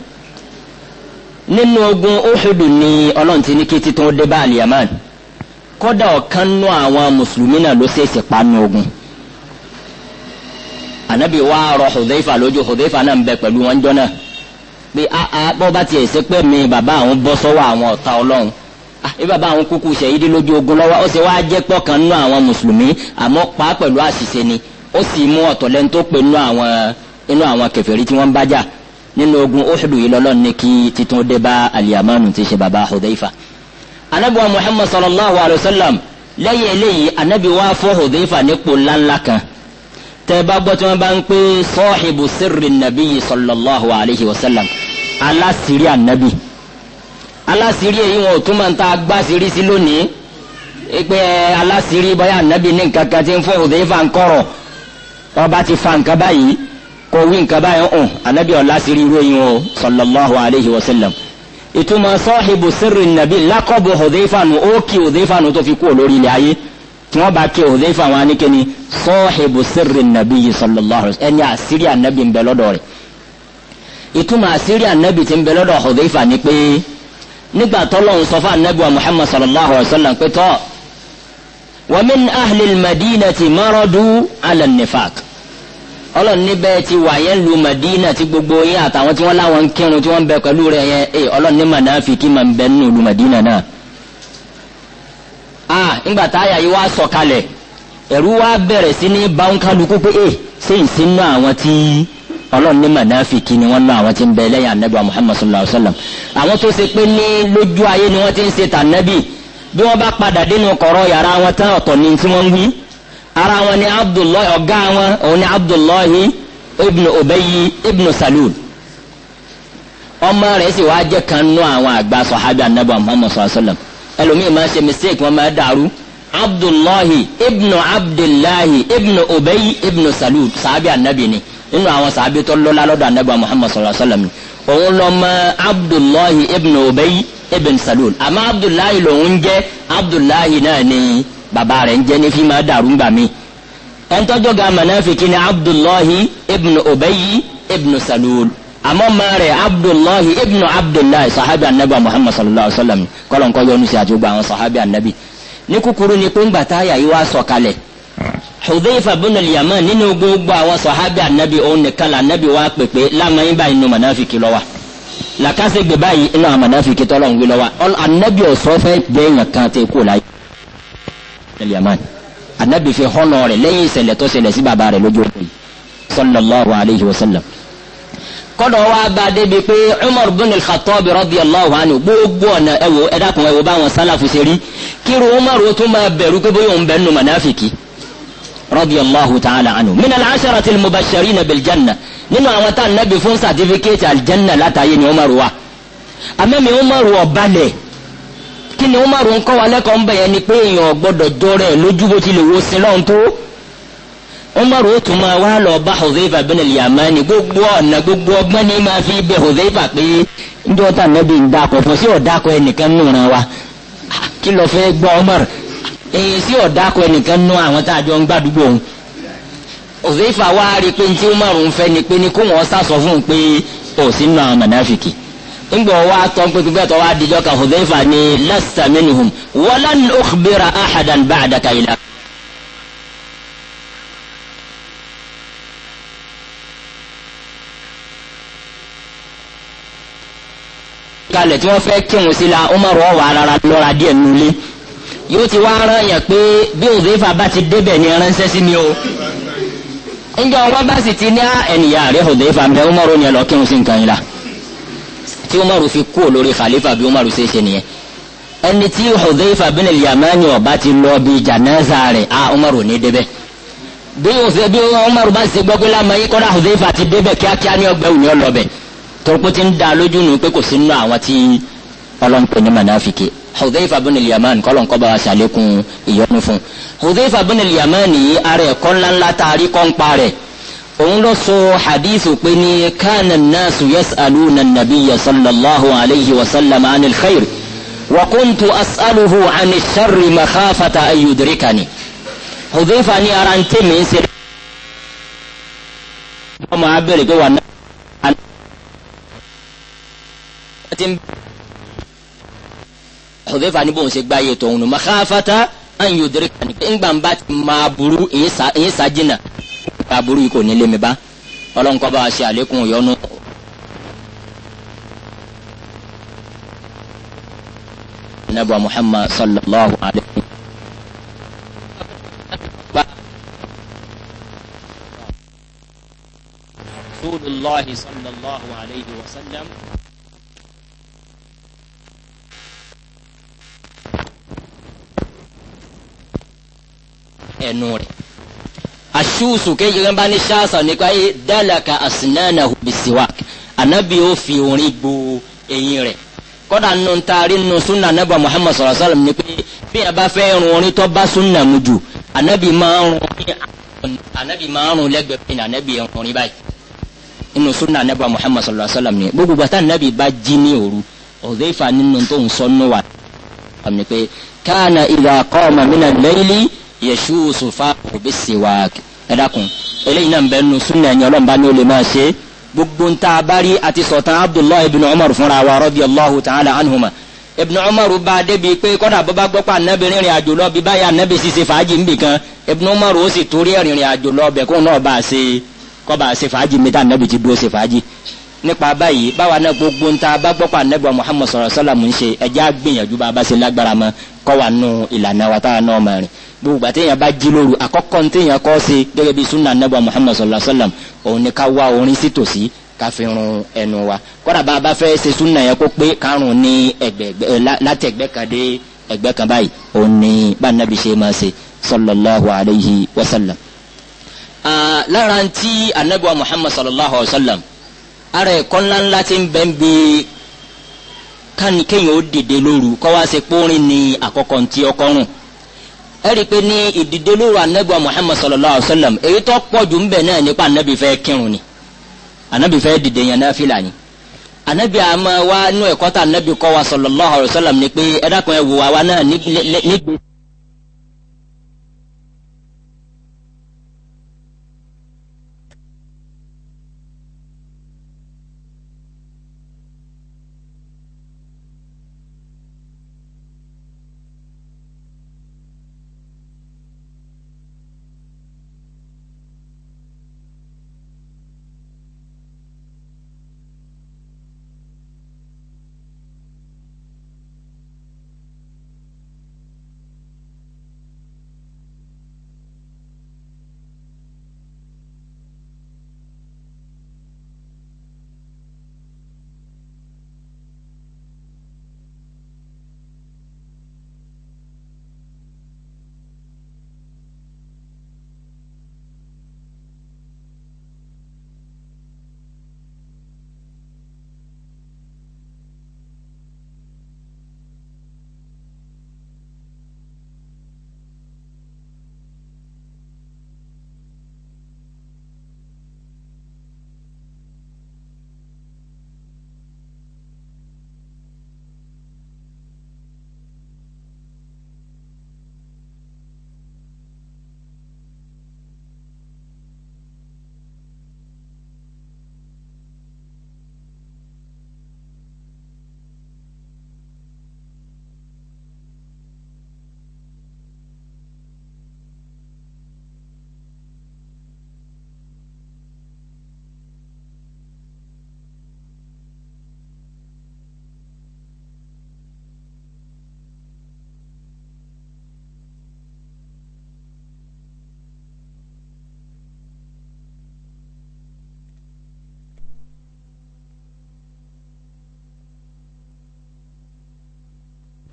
nínú ogun uhudu ni ọlọ́run ti ní kí títún dé bá aliyaman kódà ọ̀kan nú àwọn mùsùlùmí náà ló ṣèṣì pa nú ogun anabi wa rọ Hudhaifa lójú Hudhaifa náà ń bẹ pẹ̀lú wọn jọ́nà bí aa bọ́ bá tiẹ̀ ṣe pé mi bàbá àwọn bọ́ sọ́wọ́ àwọn ọ̀tá ọlọ́run bí bàbá àwọn kúkú ṣèyídí lójú ogun lọ́wọ́ ó sì wá jẹ́ pọ̀ kan nú àwọn mùsùlùmí àmọ́ pa pẹ̀lú àṣìṣe ni ó sì mú ọ̀tọ̀lẹ́ni tó pe nú àwọn inú tí wọ́n ń bá jà nínú ogun Uhudu yìí lọ́lọ́run ní kí titun dé bá aliyamanu ti ṣe baba Hudhaifa anabiwa Muhammad sallallahu alayhi wa sallam lẹ́yìn eléyìí anabi wa fọ́ Hudhaifa nípò ńláńlá kan tẹ́ bá gbọ́ tí wọ́n bá ń pè sọ́ọ̀hìbù sírì nàbí sallallahu alayhi wa sallam alásìírí ànábì alásìírí èyí wọn ò tún máa ń ta agbásìírí sí lónìí pé alásìírí báyà ànábì ní nǹkan kan ti ń fọ́ Hudhaifa ń kọ̀rọ̀ ọba ti fa nǹkan báyìí kò wí nǹkan báyìí hàn anabi ọ̀la sí rí ròyìn o sallallahu alayhi wa sallam ìtumọ̀ sọ́ọ̀hìbù sírì nàbí lákọ̀bù hudhaifanu ó kí hudhaifanu tó fi kú olórí ilẹ̀ ayé tí wọ́n bá kí hudhaifa wọn ni kíni sọ́ọ̀hìbù sírì nàbí yìí sallallahu alayhi wa sallam ẹni àsírí ànábì ń bẹ lọ́dọ̀ rẹ̀ ìtumọ̀ àsírí ànábì ti ń bẹ lọ́dọ̀ hudhaifa ọlọ́run níbẹ̀ ti wà yẹn lu Madina ti gbogbo yín àtàwọn tí wọ́n láwọn ń kírun tí wọ́n ń bẹ pẹ̀lú rẹ̀ yẹn ẹ eh, ọlọ́run ní mànáfíkí máa ń bẹ nínú lu Madina náà. a ńgbà tá àyà yìí wá sọ̀kalẹ̀ ẹ̀rú wá bẹ̀rẹ̀ sí ní báńkálukú pé ẹ eh, ṣé ń sínú àwọn tí ọlọ́run ní mànáfíkí ni wọ́n ná àwọn tí ń bẹ lẹ́yìn anabi Muhammad sallallahu alayhi wa sallam àwọn tó ṣe pé ní lójú ayé ni wọ́n ti ń ṣe tànàbì ara wọn ni abdullahi ọ̀gá wọn òun ni abdullahi ibnu obeyi ibnu salul ọmọ rẹ̀ sì wá jẹ́ kan nú àwọn àgbà sọ̀hábì anábọ̀ muhammad sallallahu alayhi wa sallam ẹlòmíì máa ṣe mistake wọn máa dàrú abdullahi ibnu abdullahi ibnu obeyi ibnu salul sàábì anábì ni nínú àwọn sàábì tó lọ́lá lọ́dọ̀ anábọ̀ muhammad sallallahu alayhi wa sallam òun lọ́mọ abdullahi ibnu obeyi ibnu salul àmọ́ abdullahi lòun jẹ́ abdullahi náà ni bàbá rẹ̀ ń jẹ́ ní fíìmù dàrúgbà mi. ẹn tọ́jọ́ ga mọ̀nàfíkì ni abdullahi ibnu obeyi ibnu salul àmọ́ máa rẹ̀ abdullahi ibnu abdullahi sahabi anabi muhammad sallallahu alayhi wa sallam kọ́lọ̀ nǹkan yọnu sí àti gbogbo àwọn sahabi anabi. ní kúkúrú ni pé ńgbà táyà yìí wá sọ̀kalẹ̀ hudhaifa bin al-yaman nínú gbogbo àwọn sahabi anabi òun nìkan la anabi wá pèpè lámàyín báyìí nù mọ̀nàfíkì lọ́wọ́ làkàṣe gbé báyìí inú àmọ̀nàfíkì tọ́lọ̀ ń gbé lọ́wọ́ anabi ọ̀sọ́fẹ́ bẹ́ẹ̀ yàn kan tẹ́ kó láyé yaman anabi fi hɔnɔ rẹ̀ lẹ́yìn ìṣẹ̀lẹ̀ tó ṣẹlẹ̀ sí baba rẹ̀ lójú ogun sallallahu alayhi wa sallam kọ́dọ̀ wa bá débi pé umar bin al-khattab radiyallahu anhu gbogbo ọ̀nà ẹ̀wò ẹ̀dàkùn ẹ̀wò báwọn sálàfù ṣe rí kíru umar ó tún máa bẹ̀rù pé bóyá òun bẹ̀rù mọ̀náfìkì radiyallahu ta'ala anhu min al-asharati al-mubashirina bil-janna nínú àwọn tá a nàbì fún sàtífíkẹ́tì aljanna látàyè ni umar wa amẹ́mi umar wọ̀ balẹ̀ kí ni Umaru ń kọ́ wa lẹ́kọ̀ọ́ ń bẹ̀ yẹn ni pé èèyàn gbọ́dọ̀ jọ rẹ̀ lójú bó ti lè wo sin lọ́hún tó Umaru ó tún máa wá lọ bá Hudhayfa bin al-Yamani gbogbo ọ̀nà gbogbo ọgbọ́n ní máa fi bẹ Hudhayfa pé njọ́ tà nẹ́bí ń dakọ̀ fún sí ọ̀dakọ̀ ẹnìkan nù ràn wa kí lọ fẹ́ gbọ́ Umaru èyí sí ọ̀dakọ̀ ẹnìkan nù àwọn tá a jọ ń gbàdúgbò òun Hudhayfa wá rí pé ntí Umaru ń fẹ́ ni pé ni kó wọ́n sá sọ fún un pé òsínú àwọn mọ̀nàfìkì ńgbọ̀ wá tọ́ pínpín bẹ́ẹ̀ tọ́ wá dijọ́ kan Hudhayfa ní lasta minhum walan ukhbira ahadan ba'daka ila. kalẹ̀ tí wọ́n fẹ́ kírun sí la Umaru ọ̀wà ara lọ́ra díẹ̀ nulẹ̀ yóò ti wá rán pé bí Hudhayfa bá ti débẹ̀ ni ránṣẹ́ sí mi o ńjọ wọn bá sì ti ní ẹnìyà rẹ̀ Hudhayfa mẹ́ Umaru ni ẹ lọ kírun sí nǹkan yìí la tí umaru fi kú lórí khalifa bí umaru ṣe ṣe nìyẹn ẹni tí hudhaifa bin al-yamani ọba ti lọ bí janaza rẹ̀ a umaru ní débẹ̀ bí òfin bí umaru bá ṣe gbọ́ pé lámà yìí kọ́dà hudhaifa ti débẹ̀ kíákíá ní ọgbẹ́ òní ọlọ́bẹ̀ torípò ti ń da lójú nù pé kò sí nínú àwọn tí ọlọ́npẹ̀ ní manafiki hudhaifa bin yamani kọ́lọ̀ ń kọ́ bá wa ṣàlékún ìyọnu fún hudhaifa bin yamani yìí ara ẹ̀kọ́ ńláńlá taari kọ́ rẹ̀ òun ló sọ hadithu pé ní kánà naasu yasaluna nabiya sallallahu alayhi wa sallam an alkhair wa kuntu asaluhu an sharri makhafata an yudrikani hudhaifa ni ara ń tẹ̀mí ń ṣe. ọmọ abẹ́rẹ́ pé wà ná. hudhaifa ni bóun ṣe gbáyé tòun nù makhafata an yudrikani. ńgbà ń bá ti máa burú èyí sá jìnnà. aburú yìí kò ní lé mi bá ọlọ́run kọ́ bá a ṣe àlékún ìyọnu nabu muhammad sallallahu alayhi wa sallam. ẹnu rẹ̀ àṣùsù kéjìkan bá ní ṣáàṣà nípa ayé dálàkà àsìnáàna bìsíwák ànábì ó fi orin gbo eyín rẹ̀ kódà nù taari nù sunna anábà muhammad sallallahu alayhi wa sallam ni pé bí a bá fẹ́ rún orin tó bá sunna mu jù ànábì máa ń rún ànábì máa ń rún lẹ́gbẹ̀ẹ́ pin ànábì ń rún báyìí nínú sunna anábà muhammad sallallahu alayhi wa sallam ni gbogbo bàtà ànábì bá jí ní òru ọ̀dẹ́ nínú tó ń sọ nù wà ni pé káàna ìdá qama min al-layli yẹ̀ṣù sùfà òbí síwáàkì ẹ dákun eléyìí náà ń bẹ nu sunna ẹ̀yìn ọlọ́mba ni ó lè máa ṣe gbogbo ń ta abárí àti sọ̀tàn abdullahi ibn umar fúnra wa radiyallahu ta'ala anhuma ibn umar bá a débi pé kọ́dà bó bá gbọ́ pa anabi rìnrìn àjò lọ bí báyà anabi sì ṣe fàájì ńbì kan ibn umar ó sì torí rìnrìn àjò lọ bẹ̀ kó náà bá a ṣe kọ́ bá a ṣe fàájì mi tá anabi ti dúró ṣe fàájì nípa báyìí báwa náà gbogbo ń ta gbọ́ pa anabi muhammad sallallahu alaihi wasallam ń ṣe ẹjẹ́ àgbìyànjú bá a bá ṣe lágbára mọ́ kọ́ wa nù ìlànà wa táwa náà máa rìn gbogbo àtẹ̀yìn bá jí lóru àkọ́kọ́ ntẹ̀yìn kọ́ ṣe gẹ́gẹ́ bí sunna anabi muhammad sallallahu alayhi wa sallam òun ni ká wá orin sí ká fi run ẹnu wa kọ́dà bá a bá fẹ́ ṣe sunna yẹn kó pé karùn-ún ní ẹgbẹ̀gbẹ̀ láti ẹgbẹ́ kan dé ẹgbẹ́ kan báyìí òun ni bá anabi ṣe máa ṣe sallallahu alaihi wa sallam. lára ntí anabi muhammad sallallahu alayhi wa sallam ara ẹ̀kọ́ ńláńlá ti ń bẹ́ẹ̀ bí kéèyàn ó dìde lóru kọ́ wá ṣe pórin ní àkọ́kọ́ ntí ọkọ́rùn-ún ẹ̀rí pé ní ìdìde lóru anabiwa muhammad sallallahu alayhi wa sallam èyí tó pọ̀jù ń bẹ̀ náà nípa anabi fẹ́ kírun ni anabi fẹ́ dìde yẹn náà fìlà ni anabi àmọ́ wa nú ẹ̀kọ́ tá anabi kọ́ wa sallallahu alayhi wa sallam ni pé ẹ̀dá kan ẹ̀ wò wá wa náà nígbè.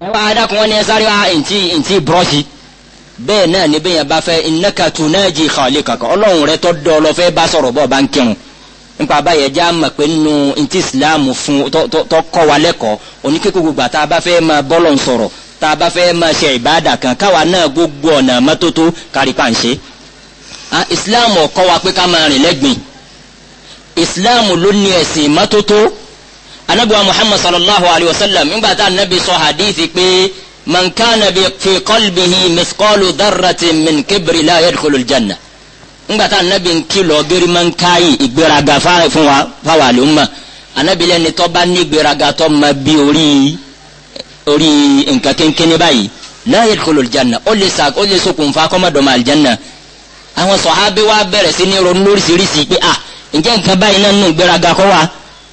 ẹ wá adákun wọn ni ẹ inti wá ntí ntí búrọ́ọ̀ṣì ni bẹ́ẹ̀ yẹn bá fẹ́ innaka tunaji khaliqaka ọlọ́run rẹ tọ́ dọ́ lọ ba bá sọ̀rọ̀ bọ́ọ̀ bá ń kírun nípa abáyẹ já mọ̀ pé nínú ntí ìsìláàmù fún tọ́ kọ́ wa lẹ́kọ̀ọ́ oníkékòó gbogbo àtà bá fẹ́ máa bọ́lọ̀ ń sọ̀rọ̀ tá a bá fẹ́ máa ṣe ìbáàdà kan káwa náà gbogbo ọ̀nà mọ́tótó kárípà ń ṣe. islam ò wa pé ká máa rìn lẹ́gbìn islam ló ní ẹ̀sìn mọ́tótó anabiwa muhammad sallallahu alayhi wa sallam nígbà tá anabi sọ hadithi pé man kana fi qalbihi mithqalu dharratin min kibri la yadkhulu aljanna nígbà tá anabi ń kìlọ̀ gerimankayi ìgbéraga fún wa fáwọn àlùmọ́ anabi lẹ́ni tó bá ní ìgbéraga tó ma bí orí orí nǹkan kínkínní báyìí la yadkhulu aljanna ó lè sa ó lè ṣokùnfà kọ́mọdọ̀mọ aljanna àwọn sọ̀hábí wa bẹ̀rẹ̀ sí ní ronú lóríṣiríṣi pé ah ǹjẹ́ nǹkan báyìí náà nù ìgbéraga kọ́ wa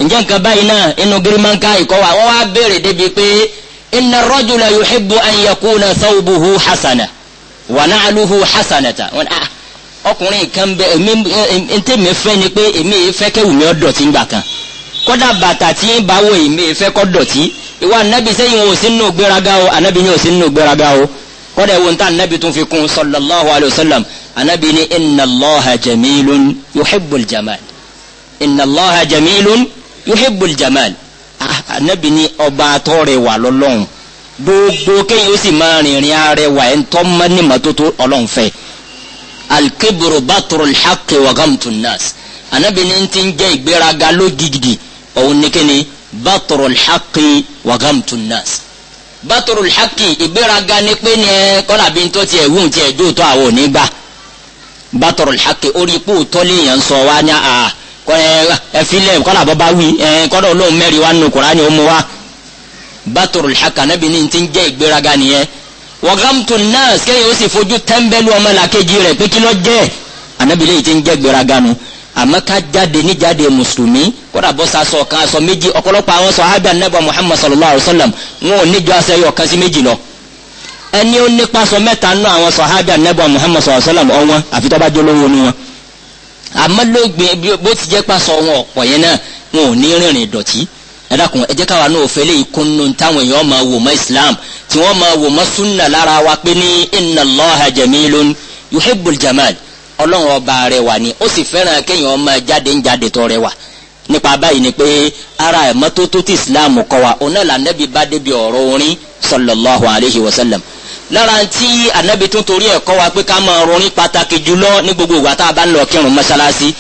ǹjẹ́ nǹkan báyìí náà inú girimanka ìkọ́ wa wọ́n wá béèrè débi pé inna rajula yuhibbu an yakuna thawbuhu hasana wa na'luhu hasanata ah, ọkùnrin kan bẹ èmi ntẹ̀mí fẹ́ ni pé èmi fẹ́ kẹ́wù mi ọ̀dọ̀tí gbà kan kódà bàtà tí ń bá wọ èmi fẹ́ kọ́ dọ̀tí ìwà anabi sẹ́yìn ò sínú gbéraga o anabi yẹn ò sínú gbéraga o kódà ìwọ̀n tá anabi tún fi kún sallallahu alayhi wa sallam anabi ni inna allaha jamilun yuhibbul jamal inna allaha jamilun yuhibbul jamal anabi ni ọba atọ́rẹwà lọ́lọ́run gbogbo kéyìn ó sì máa rìnrìn arẹwà ẹ̀ ń tọ́ mọ́ ní mọ́tótó ọlọ́run fẹ́ alkeburu baturul haqqi wa gamtun nas anabi ni ti ń jẹ́ ìgbéraga lógigidi òun ni kíni baturul haqqi wa gamtun nas baturul haqqi ìgbéraga ni pé ni ẹ kọ́lá bí n tó tiẹ̀ wù tiẹ̀ dóòtọ́ àwọn ò ní gbà baturul haqqi orí ipò tọ́lé yẹn sọ wá ní àá ẹfilẹ kọlá bọba wi ẹ kọdọ olóhùn mẹ́rin wa nù Kùránì ó mú wa bàtòrò lẹ́ka nàbí ni ti ń jẹ́ ìgbéraga nìyẹn wọ́gàmtò náà kẹ́yìn ó sì fojú tẹ́ńbẹ́lú ọmọ làkejì rẹ̀ pé kí ló jẹ́ anábìlẹ̀ yìí ti ń jẹ́ ìgbéraga nu àmọ́ ká jáde ní jáde mùsùlùmí kódà bọ́ sa kan sọ méjì ọ̀pọ̀lọpọ̀ àwọn sọ ábẹ́ anábà Muhammad sallallahu alayhi wa sallam wọn ò níjọ aṣọ ẹyọ kan sí méjì lọ ẹni ó nípa sọ mẹ́ta nù àwọn sọ ábẹ́ anábà Muhammad sallallahu alayhi wa sallam ọ̀wọ́n àfitọ́bájọ́ lówó ni wọn àmọ́ lóògbé bó ti jẹ́ pàṣọ wọn ọ̀pọ̀ yẹn náà wọn ò ní rìnrìn ìdọ̀tí ẹ̀dàkùn ẹ jẹ́ káwa náà ò fẹ́lẹ́ ìkúnnú táwọn èèyàn máa wò mọ́ Islam tí wọ́n máa wò mọ́ súnà lára wa pé ní inna Allaha jamilun yuhibbul jamal ọlọ́run ọba rẹwà ni ó sì fẹ́ràn kéèyàn máa jáde ń jáde tó rẹwà nípa báyìí ni pé ara ìmọ́tótó tí Islam kọ́ wa òun náà lànà bá débi ọ̀rọ̀ orin sallallahu alayhi wa sallam lára tí anabi tún torí ẹ̀ kọ́ wa pé ká máa ronú pàtàkì jùlọ ní gbogbo ìgbà tá a bá ń lọ kírun mọ́sálásí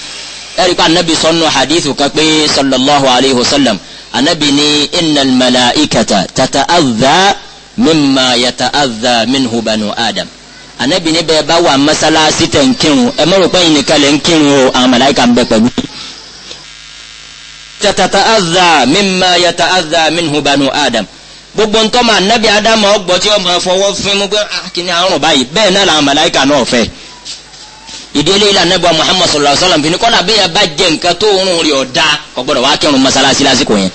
ẹ̀rí pa anabi sọnù hadithu kan pé sallallahu alayhi wa sallam anabi ni innal malaikata tata'adha mimma yata'adha minhu banu adam anabi ni bẹ́ẹ̀ bá wà mọ́sálásí tẹ̀ ń kírun ẹ mọ̀rọ̀ pé ìnìkan lè ń kírun o àwọn màláìka ń bẹ pẹ̀lú. tata'adha mimma yata'adha minhu banu adam gbogbo ntọ́ ma nabi adama ọgbọ́ tí ọmọ fọwọ́ fún mu pé ah, kíni àrùn báyìí bẹ́ẹ̀ náà làwọn màláìka náà fẹ́ ìdílé ilà nebà muhammad sallallahu alayhi wa sallam fini kọ́nà bẹ́ẹ̀ bá jẹ nǹkan tó oorun rẹ̀ ọ̀dá ọgbọ́dọ̀ wàá kẹrun masalasi lásìkò yẹn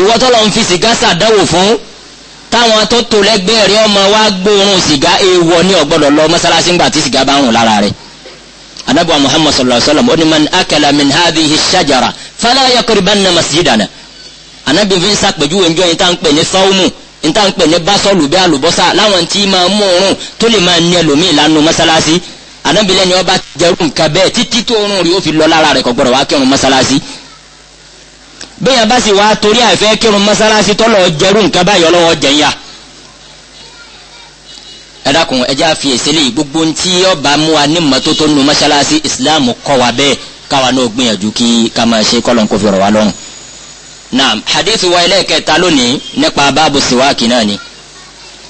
ìwọ tó fi sìgá sàdáwò fún táwọn tó tó lẹ́gbẹ̀ẹ́ ọmọ wa gbóòórùn sìgá èèwọ̀ ní ọgbọ́dọ̀ lọ masalasi sallallahu alayhi wa sallam ó akala min hadhihi shajara fala yakuribanna masjidana anabi fi ń sàpèjúwe ń jọ yín tá à ń pè ní sọ́ọ̀mù ń tá à ń pè ní básọ́ọ̀lù bí àlùbọ́sà láwọn tí máa mú oorun tó lè máa ní ẹlòmíì lánàá mọ́sálásí anabi lẹ́ni ọba jẹ́rù nǹkan bẹ́ẹ̀ títí tó oorun rí ó fi lọ lára rẹ̀ kò gbọ́dọ̀ wá kírun mọ́sálásí bẹ́ẹ̀ bá sì wá torí àìfẹ́ kírun mọ́sálásí tọ́lọ̀ jẹ́rù nǹkan báyọ̀ lọ́wọ́ jẹ̀yà ẹ dákun ẹ jẹ́ àfiyèsí lè Islam kọ́ wa bẹ́ẹ̀ káwa náà gbìyànjú kí ká naam hadithu wa ẹlẹ́kẹta lónìí nípa báàbù siwáàkì náà ni.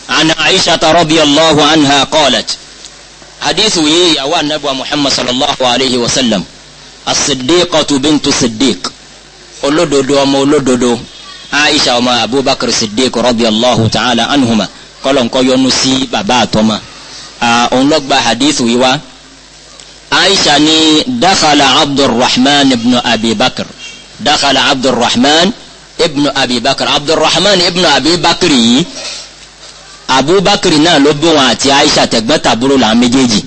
an aishata radiyallahu anha qalat hadithu yìí ìyàwó anabiwa muhammad sallallahu alayhi wa sallam as-siddiqatu bintu siddiq olódodo ọmọ olódodo aisha ọmọ abubakar siddiq radiyallahu ta'ala anhuma kọlọ̀nkọ́ yọ́nú sí bàbá àtọ́mà òun lọ gba hadith wíwá aisha ni dakhala abdulrahman ibn abi dakhala abdulrahman ibnu abibakar abdulrahman ibnu abibakar yìí abubakar náà ló bí wọn àti aisha tẹ̀gbọ́ntàbúrò làwọn méjèèjì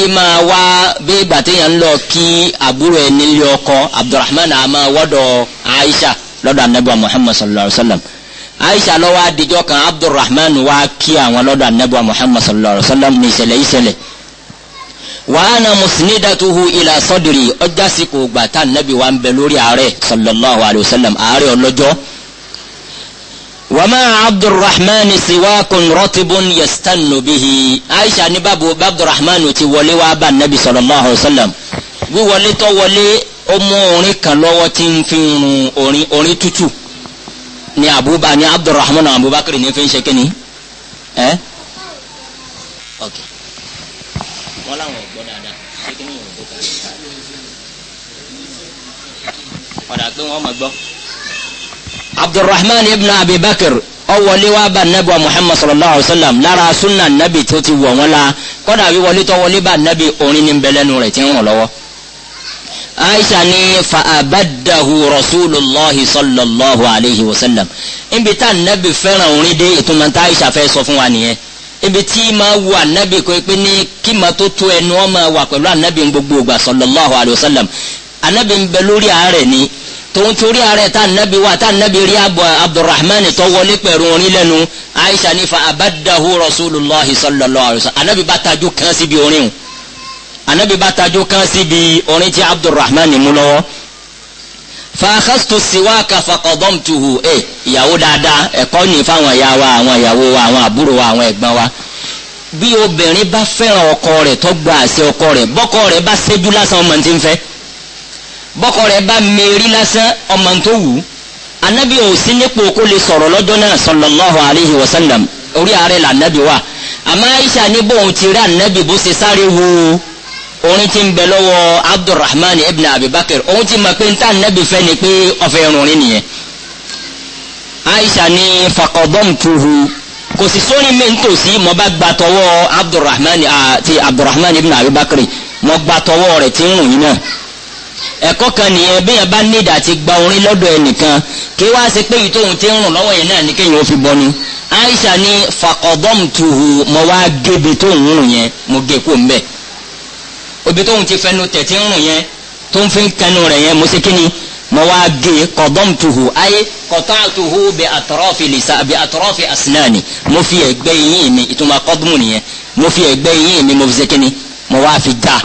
ìmọ̀ wa bí ìgbà téèyàn ń lọ kí àbúrò ẹni lé ọkọ abdulrahman àmọ́ wọ́dọ̀ aisha lọ́dọ̀ anabi muhammad sallallahu alayhi wa sallam aisha lọ́wọ́ adijọ́ kan abdulrahman wá kí àwọn lọ́dọ̀ anabi muhammad sallallahu alayhi wa sallam ní ìṣẹ̀lẹ̀ ìṣẹ̀lẹ̀ wàhánà musnidatuhu ilà sọ́dìrì ọjà sí kò gbà tá nàbí wa ń bẹ lórí ààrẹ sallallahu alayhi wa sallam ààrẹ ọlọ́jọ́ wàmà abdulrahman siwakun rọtibun yastanu bihi aisha ní babu abdulrahman ti wọlé wa bá nàbí sallallahu alayhi wa sallam wíwọlé tó wọlé ó orin kan lọ́wọ́ tí ń fi rún orin orin tútù ni abuba ni abdulrahman abubakar ní fi ń ṣe kínní Eh? Okay wọn làwọn ò gbọ́ dáadáa ṣé kí nìyẹn ò tó kà á. ọ̀dà pé wọ́n mọ̀ gbọ́. abdulrahman ibn abibakar ọwọlé wa bá nabi wa muhammad sallallahu alaihi wa sallam lára sunna nabi tó ti wọ̀ wọ́n la kọ́dà wíwọlé tó wọlé bá nabi orin ní nbẹ̀lẹ́nu rẹ̀ ti ń ràn lọ́wọ́. aisha ni fa abadahu rasulillahi sallallahu alaihi wa sallam ibi tá nabi fẹ́ràn orin dé ìtumọ̀ tá aisha fẹ́ sọ fún wa nìyẹn ibi tí máa wu ànábì kò pé ní kí máa tó tó ẹnu wọn máa pẹ̀lú ànábì gbogbo ògbà sallallahu alayhi anabi sallam ànábì ń bẹ lórí àárẹ̀ ni tòun torí àárẹ̀ tá ànábì wà tá ànábì rí abdulrahman tó wọlé pẹ̀lú orin lẹ́nu aisha ní fa abadahu rasulillah sallallahu alayhi anabi sallam ànábì bá tajú kan síbi orin o ànábì bá tajú kan síbi orin tí abdulrahman mú lọ́wọ́ fàákàstù síwáàkà fàkọ̀dọ́mtuhù ẹ̀ ìyàwó dáadáa ẹ̀kọ́ ní fáwọn ìyá wa àwọn ìyàwó wa àwọn àbúrò wa àwọn ẹ̀gbọ́n wa bí obìnrin bá fẹ́ràn ọkọ rẹ̀ tó gba àṣẹ ọkọ rẹ̀ bọ́kọ rẹ̀ bá ṣẹ́jú lásán ọmọ tí ń fẹ́ bọ́kọ rẹ̀ bá mẹ́rí lásán ọmọ tó wù ú anabi ò sí nípò kó lè sọ̀rọ̀ lọ́jọ́ náà sallallahu alayhi wa sallam orí ààrẹ là wa àmọ́ aisha ní bóun ti rí anabi bó ṣe sáré wo orin tí ń bẹ lọ́wọ́ abdulrahman ibn abibakar òun ti mọ̀ pé níta nẹ́bí fẹ́ ni pé ọ̀fẹ́ ìrùnrin nìyẹn aisha ní fakọ̀bọ́ntuhu kò sì sórí mẹ́ntòsí mo bá gba tọwọ́ abdulrahman àti abdulrahman ibn abibakar mo gba tọwọ́ rẹ̀ tí ń rùn yín náà ẹ̀kọ́ kan nìyẹn bí yẹn bá nídà ti gba orin lọ́dọ̀ ẹnìkan kí wá sí pé ìtòhun ti ń rùn lọ́wọ́ yẹn náà ní kéèyàn ó fi bọnu aisha ní fakọ̀bọ́ntuhu mo wá gébé tó ń rùn gé obi tóun ti fẹnu tẹ̀ tí ń rùn yẹn tó ń fi kẹnu rẹ̀ yẹn mo ṣe ni mo wá gé e, tuhu ayé kọ̀tàtuhu bẹ àtọ̀rọ̀fì lisa bẹ àtọ̀rọ̀fì asinani mo fi ẹ̀gbẹ́ yín mi ìtumọ̀ kọ́dùmù nìyẹn mo fi ẹ̀gbẹ́ yín mi mo fi ni mo wá fi dá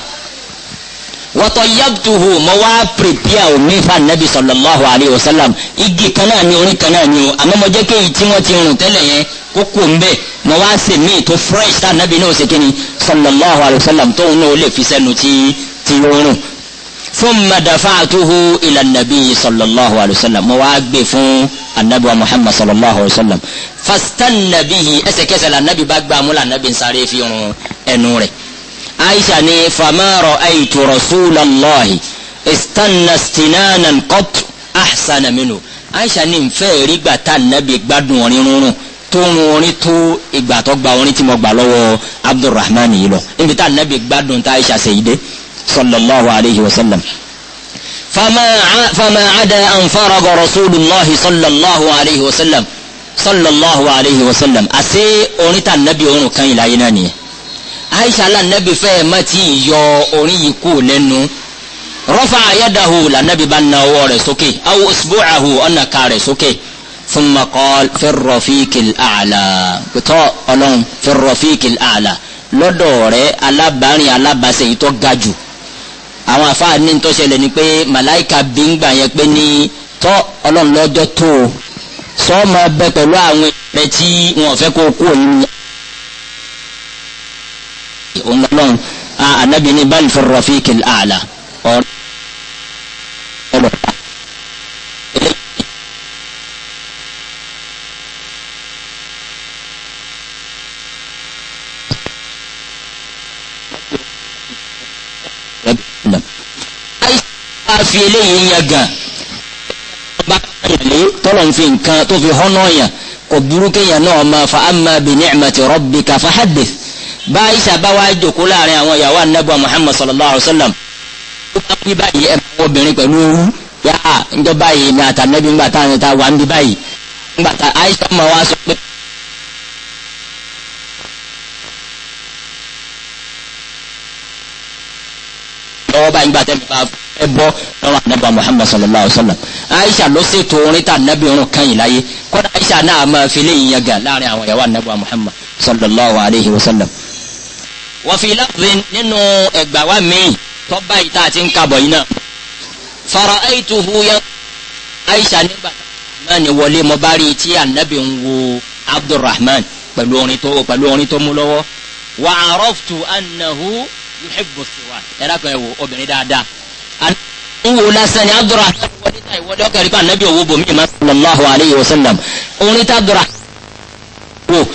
wọ́tọ̀ yabtuhu mo wá pèpìà omi fa nabi sallallahu alayhi wa sallam igi kan ni orí kan ni o àmọ́ mo jẹ́ kéyìí tí wọ́n ti rùn tẹ́lẹ̀ yẹn kókó ń bẹ mo wá ṣe míì tó fresh tá ànábì náà ṣe kíni sallallahu alayhi wa sallam tóun náà ó lè fi sẹ́nu tí tí ó rùn thumma dafa'tuhu ila nàbí sallallahu alayhi wa sallam mo wá gbé fún ànábì wa muhammad sallallahu alayhi wa sallam fastanna bihi ẹsẹ̀kẹsẹ̀ la ànábì bá gbà mú la sáré fi rún ẹnu rẹ̀ aisha ni fama ra'aytu rasulallahi istanna istinanan qat ahsana aisha ni nfẹ́ rí gbà tá ànábì gbádùn ọ̀rin rúnrún tó ń orin tó ìgbà tó gba orin tí mo gbà lọ́wọ́ abdulrahman yìí lọ níbi tá anabi gbádùn tá aisha sèyíde sallallahu alayhi wa sallam. fama ada anfaraga rasulillahi sallallahu alayhi wa sallam sallallahu alayhi wa sallam àṣé orin tá anabi orun kan yìí láyé náà nìyẹn. aisha lànàbì fẹ́ẹ́ má ti yọ orin yìí kú lẹ́nu rọ́fà ayédáhù lànàbì bá na ọwọ́ rẹ̀ sókè awo usbu'ahu ọ̀nà ká rẹ̀ sókè. Okay ثم قال في الرفيق الأعلى قطاع ألون في الأعلى lọ́dọ̀ rẹ̀ alábàárin alábàáṣe yìí tó ga jù àwọn afáà ní tó ṣẹlẹ̀ ni pé màláìka bí ń gbà yẹn pé ní tọ́ ọlọ́run lọ́jọ́ tó o sọ ma bẹ pẹ̀lú àwọn ẹ̀rẹ́ tí wọn fẹ́ kó kú òun ní. òun anabi ní bal fi rafiqil a'la ọ̀rọ̀. wá fi eléyìí yan gan bá ìlé tọ́lọ̀ ń fi nǹkan tó fi họ́nà yàn kò burú kéèyàn náà máa fa amma bi ni'mati rabbika fa haddith bá isa bá wá jòkó láàrin àwọn ìyàwó anábọ̀ muhammad sallallahu alayhi wa sallam ó bá pín báyìí ẹ̀ máa obìnrin pẹ̀lú owó yá njọ́ báyìí ní àtànẹ́bí ńgbà tá àwọn ìta wà ń bí báyìí ńgbà tá aisha máa wá sọ pé. lọ́wọ́ báyìí ńgbà tẹ́lifà fún fẹ́ bọ́ lọ́wọ́ anábà muhammad sallallahu alayhi wa sallam aisha ló ṣètò orin tá anábì irun kan yìí láyé kọ́dà aisha náà máa fi lè yíyan gà láàrin àwọn ìyàwó anábà muhammad sallallahu alayhi wa sallam. wọ́n fi láàbùn nínú ẹgbàá wa míì tọ́ba yìí tá a ti ń kabọ̀ yìí náà fara aituhu ya aisha nígbà náà ni wọlé mo bá rí i tí anábì ń wo abdulrahman pẹ̀lú orin tó pẹ̀lú orin tó mú lọ́wọ́ wa araftu annahu yuhibbu siwa ẹ̀rọ kan ẹ̀ wò obìnrin dáadáa owó lásán ni abdulrahman wọlé náà ìwọlé ọkàn rípa anabi owó bomi ma sallallahu alayhi wa sallam orin tá abdulrahman wò.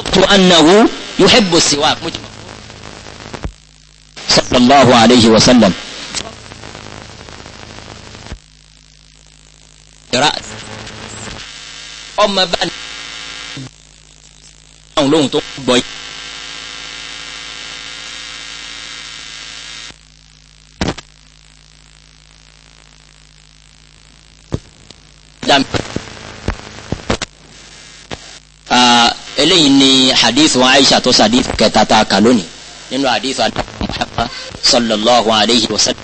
ọ̀pọ̀ anahu yuhibbu siwak mujma sallallahu alayhi wa sallam. ọmọ bá a lóhun tó gbọ́ yìí. dàmí. Ah, eléyìí ni hadith wa aisha tó sadith kẹta ta kà lónìí nínú hadith wa muhammad sallallahu alayhi wa sallam.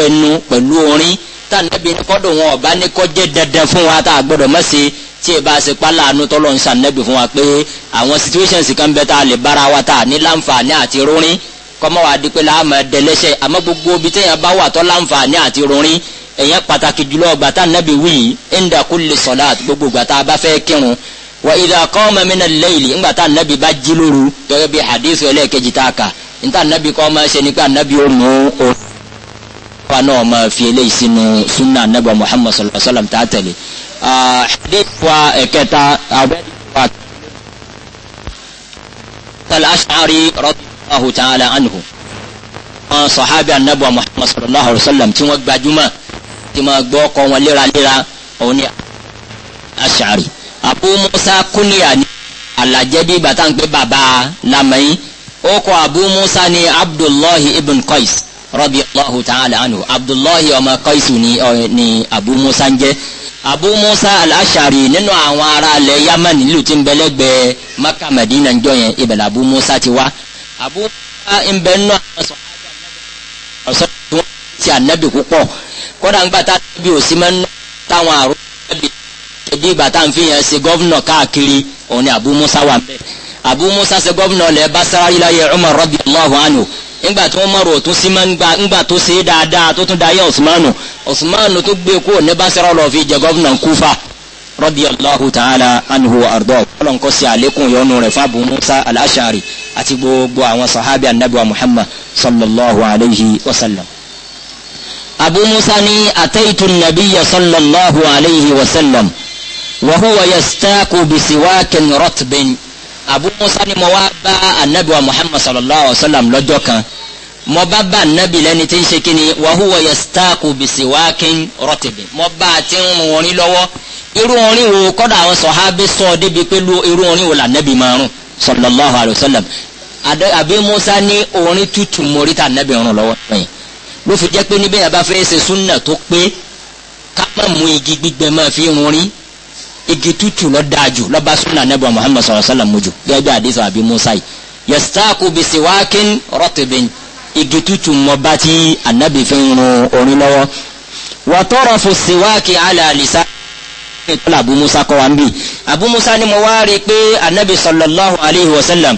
ẹnu pẹ̀lú orin tá nẹ́bi kọ́dọ̀ wọn ọba ní kọjẹ́ dandan fún wa tá a gbọ́dọ̀ mọ̀ sí tí ẹ bá ṣe pálá àánú tọ́lọ́ ń sa nẹ́bi fún wa pé àwọn situations kan bẹ ta a lè bára wa ta ní láǹfààní àti rúnrín kọ́mọ́ wa di pé láàmú ẹ̀dẹ́lẹ́sẹ̀ àmọ́ gbogbo ibi téèyàn bá wà tó láǹfààní àti rúnrín èèyàn pàtàkì jùlọ gbàtà nàbì wíì inda kulli salat gbogbo gbàtà bá fẹ́ kírun wa idha qama min al-layli ngbàtà nàbì bá jí lóru gẹ́gẹ́ bí hadith ẹlẹ́ẹ̀kejì tá a kà níta nàbì kọ́ máa ṣe nípa nàbì ó mú wa náà máa fi eléyìí sínú sunna nàbà muhammad sallallahu alayhi wa sallam tá a tẹ̀lé. Ah, hadith wa ẹ̀kẹta abẹ́ al-ash'ari radiyallahu ta'ala anhu wọn sọ̀hábì anábọ̀ muhammad sallallahu alayhi wa sallam tí wọ́n gbajúmọ̀ tí wọ́n gbọ́ ọkọ̀ wọn léraléra òun ni ash'ari abu musa kúnìyà ni alajẹ bí bàtà ń pè bàbá lamẹ́yìn ó kọ abu musa ni abdullahi ibn qais radiyallahu ta'ala anhu abdullahi ọmọ kaisu ni ọ ni abu musa ń jẹ́ abu musa al-ashari nínú àwọn ará ilẹ̀ yaman nílùú tí ń bẹ lẹ́gbẹ̀ẹ́ maka medina ń jọ yẹn ibẹ̀ abu musa ti wá abu musa ń bẹ nínú àwọn sọ ọ̀sán tí wọ́n ti ànábì púpọ̀ kódà ńgbà tá àbí òsì máa ń ná táwọn àrùn àbí ẹbí ìgbà ń fi yẹn ṣe gọ́vnọ̀ káàkiri òun ni abu musa wà ń abu musa ṣe gọ́vnọ̀ lẹ́ basarari láyé umar radiyallahu anhu nígbà tí wọ́n mọ̀rọ̀ tún sí máa ńgbà tó ṣe é dáadáa tó tún dayé Osmanu Osmanu tó gbé kó ní Basra lọ fi jẹ gọ́vùnà Kúfà radiyallahu ta'ala anhu ardọ́ ọlọ́nkọ́ sí àlékún yọnu rẹ̀ fún Abu Musa al-Ashari àti gbogbo àwọn sahabi anabiwa Muhammad sallallahu alayhi wa sallam. Abu Musa ni ataitu nabiya sallallahu alayhi wa sallam wa huwa yastaku bisiwakin abu musa ni mo wá bá anabi wa muhammad sallallahu alaihi wa sallam lọ́jọ́ kan mo bá bá anabi lẹ́ni tí ń ṣe kí ni wa huwa yastaku bisiwakin rọtìbì mo bá a ti ń rún orin lọ́wọ́ irú orin wo kọ́dà àwọn sọ̀hábí sọ débi pé irú orin wo lànàbì máa rún sallallahu alaihi wa sallam àbí musa ní orin tútù mórí tá anabi rún lọ́wọ́ yẹn ló fi jẹ́ pé níbẹ̀ yẹn bá fẹ́ ṣe tó pé ká má igi gbígbẹ máa fi rún igi tútù lọ dájú lọba sunna nebo muhammed sallallahu alaihi wa sallam muju gẹ́gẹ́ àdìsọ àbí musa yìí yastaku bisiwakin rọtibin igi tútù mọba tí anabi fi ń run orin lọ́wọ́ wàtọrọ fún ala lisa ìtọ́lá abu musa kọ́ wa ń bì abu musa ni mo wá rí i pé anabi sallallahu alaihi wa sallam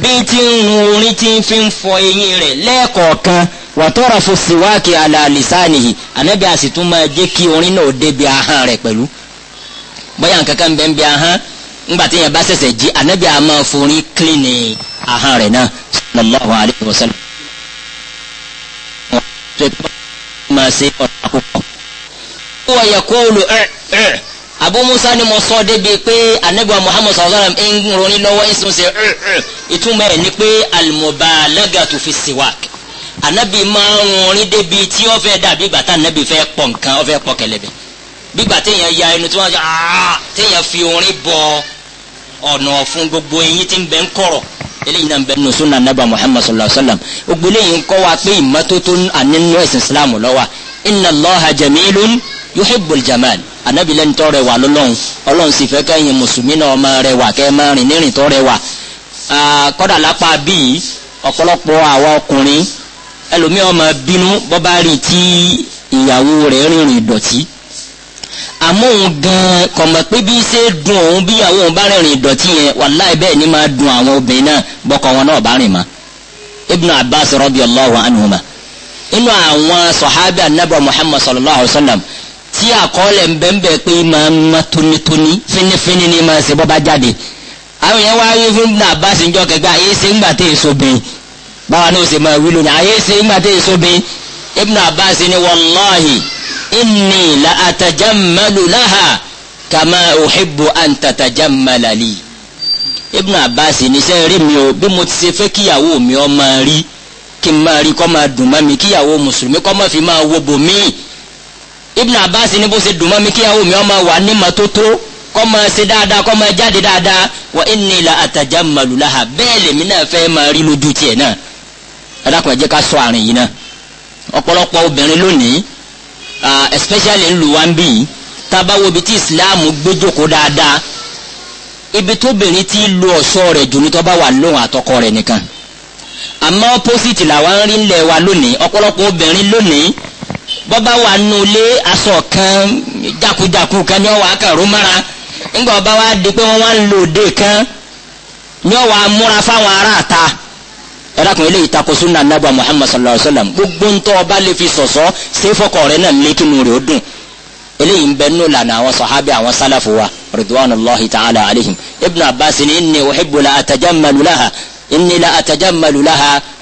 bí ti ń run orin tí fi ń fọ eyín rẹ̀ lẹ́ẹ̀kọ̀ọ̀kan wàtọrọ fún ala lisa nìyí anabi a sì tún máa jẹ́ kí orin náà débi ahọ́n rẹ̀ pẹ̀lú bóyá nǹkan kan bẹ́ẹ̀ bí ahán ńgbà tí yẹn bá ṣẹ̀ṣẹ̀ jí anabi a máa kílínì ahán rẹ̀ náà sallallahu alayhi wa sallam. máa ṣe ọ̀rọ̀ àkókò. wọ́n yẹ kó lu ẹ̀ ẹ̀ Abu Musa ni mo sọ débi pé anabi wa Muhammad sallallahu alayhi wa sallam ń ronú lọ́wọ́ ń sọ ṣe ẹ̀ ẹ̀ ìtumọ̀ ẹ̀ ni pé al-mubalagatu fi siwak anabi máa ń rin débi tí ó fẹ́ dàbí bàtà anabi fẹ́ pọ̀ nǹkan ó fẹ́ pọ̀ kẹlẹ́bẹ̀ẹ́ gbígbà téèyàn ya ẹnu tí wọ́n ṣe téèyàn fi orin bọ ọ̀nà fún gbogbo eyín tí ń bẹ ń kọ̀rọ̀ eléyìí náà ń bẹ nínú sunna nabà muhammad sallallahu alayhi wa sallam gbogbo eléyìí ń kọ́ wa pé ìmọ́tótó ànínú ẹ̀sìn islam lọ́wọ́ inna allaha jamilun yuhibbul jamal anabi lẹ́ni tọ́ rẹwà lọ́lọ́run ọlọ́run sì fẹ́ kẹ́yìn mùsùlùmí náà máa rẹwà kẹ́ máa rìn nírìn tọ́ rẹwà kọ́dà lápá bíi ọ̀pọ̀lọpọ̀ àwa ọkùnrin ẹlòmíràn máa bínú bọ́ rìn tí ìyàwó rẹ̀ rìnrìn ìdọ̀tí àmọ́ òun gan-an kò mọ̀ pé bí ṣe dùn òun bí ìyàwó òun bá rìnrìn ìdọ̀tí yẹn bẹ́ẹ̀ ni máa dùn àwọn obìnrin náà bọ́kọ wọn náà bá rìn mọ́ Ibn Abbas radiyallahu anhuma inú àwọn sọ̀hábì anábọ̀ Muhammad sallallahu alayhi wa sallam tí àkọọ́lẹ̀ bẹ́ẹ̀ pé máa ń mọ́ tónítóní fínífíní ni máa ṣe bọ́ jáde àwọn yẹn fún Ibn Abbas njọ́ kẹgbẹ́ àyè ṣe ń gbà tẹ̀ báwa náà ṣe máa inni la atajammalu laha kama uhibbu an tatajammala li ibn abbas níṣẹ́ rí mi o bí mo ti ṣe fẹ́ kíyàwó mi ó máa rí kí n máa rí kó máa dùn mọ́ mi kíyàwó mùsùlùmí kó máa fi máa wo bò mí ibn abbas ní bó ṣe dùn mọ́ mi kíyàwó mi ó máa wà ní mọ́tótó kó máa ṣe dáadáa kó máa jáde dáadáa wa inni la atajammalu laha bẹ́ẹ̀ lèmi náà fẹ́ máa rí lójú tiẹ̀ náà ẹ dákun ẹ jẹ́ ká sọ àrùn yìí náà ọ̀pọ̀lọpọ̀ obìnrin lónìí Ah, especially ńlù wa ń bí yìí tábàwọ̀ ibi tí islam gbẹ́jọ́kọ̀ dáadáa ibi tóbìnrin ti lo ọ̀ṣọ́ rẹ̀ jù ní tó bá wà lóhùn àtọkọ rẹ̀ nìkan àmọ́ opposite làwọn ń rí ńlẹ̀ wa lónìí ọ̀pọ̀lọpọ̀ obìnrin lónìí bọ́bá wà nù lé aṣọ kan jakujaku kan ní ọwọ́ akàrò mara ńgbà ọba wa di pé wọn wá ń lò dé kan ní ọwọ́ amúra fáwọn aráàta ẹlẹ́kùn eléyìí tako sunna nabi muhammad sallallahu alayhi wa sallam gbogbo ntọ́ ọba lè fi sọ̀sọ́ sefọ́kọ̀ rẹ̀ náà lé kínú rẹ̀ ó dùn eléyìí ń bẹ nínú lànà àwọn sọ̀hábì àwọn sálàfù wa ridwanullahi ta'ala alayhim ibn abbas ni inni uhibbu la atajammalu inni la atajammalu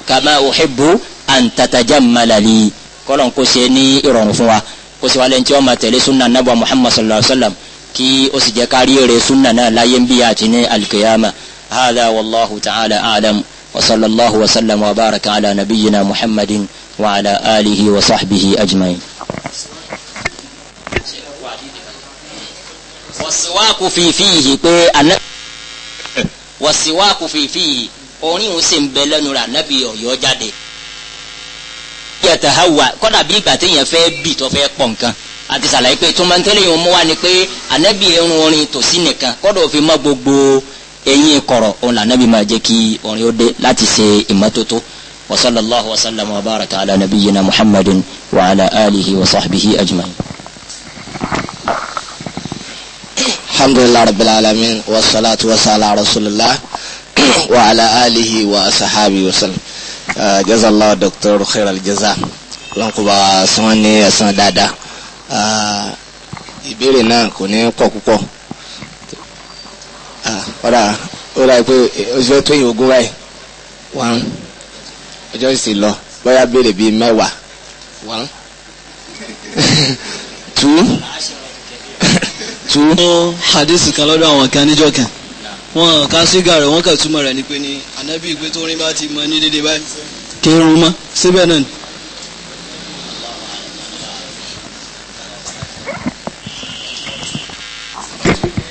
kama uhibbu an tatajammala li kọ́lọ́n kó ní ìrọ̀rùn fún wa kó ṣe wálé ntí wọ́n máa tẹ̀lé sunna nabi muhammad sallallahu alayhi wa sallam kí ó sì jẹ́ kárí èrè sunna náà láyé ń bí ní alikiyama hadha wallahu ta'ala a'lam. وصلى الله وسلم وبارك على نبينا محمد وعلى آله وصحبه أجمعين wàsíwáàkù fìfìhì pé àná wàsíwáàkù fìfìhì orin ò sì ń bẹ lẹ́nu rẹ̀ ànábì ọ̀yọ́ jáde. yàtọ̀ hawa kọ́dà bí ìgbà téèyàn fẹ́ bì tó fẹ́ pọ̀ nǹkan àti sàlàyé pé tó máa ń wa ni pé ànábì ẹ̀rùn orin tòsí nìkan kọ́dà òfin mọ́ gbogbo eyín kọrọ òun là nàbí máa jẹ kí orin ó dé láti ṣe ìmọ́tótó wa sallallahu wa sallam wa baraka ala nabiyyina muhammadin wa ala alihi wa sahbihi ajma'in. alhamdulilah rabbil alamin wa salatu wa sala rasulillah *clears throat* wa ala alihi wa sahabi wa sallam uh, jazallah dr khairal jaza lọ́nkùbà sanwó-ní asan dada uh, ìbéèrè náà kò ní kọ́ ọ̀rà ah, ó rà pé oṣù fẹ́ tó yìn ogún báyìí wọ́n ọjọ́ ìsìn lọ bóyá béèrè bíi mẹ́wàá wọ́n tú tú. hadisi kan lọ́dọ̀ àwọn kan níjọ́ kan wọn ká sígá rẹ̀ wọ́n kà túmọ̀ rẹ̀ ni pé ni ànábì ìgbé tó rin bá ti mọ ní dédé báyìí kí irun mọ́ síbẹ̀ náà ni.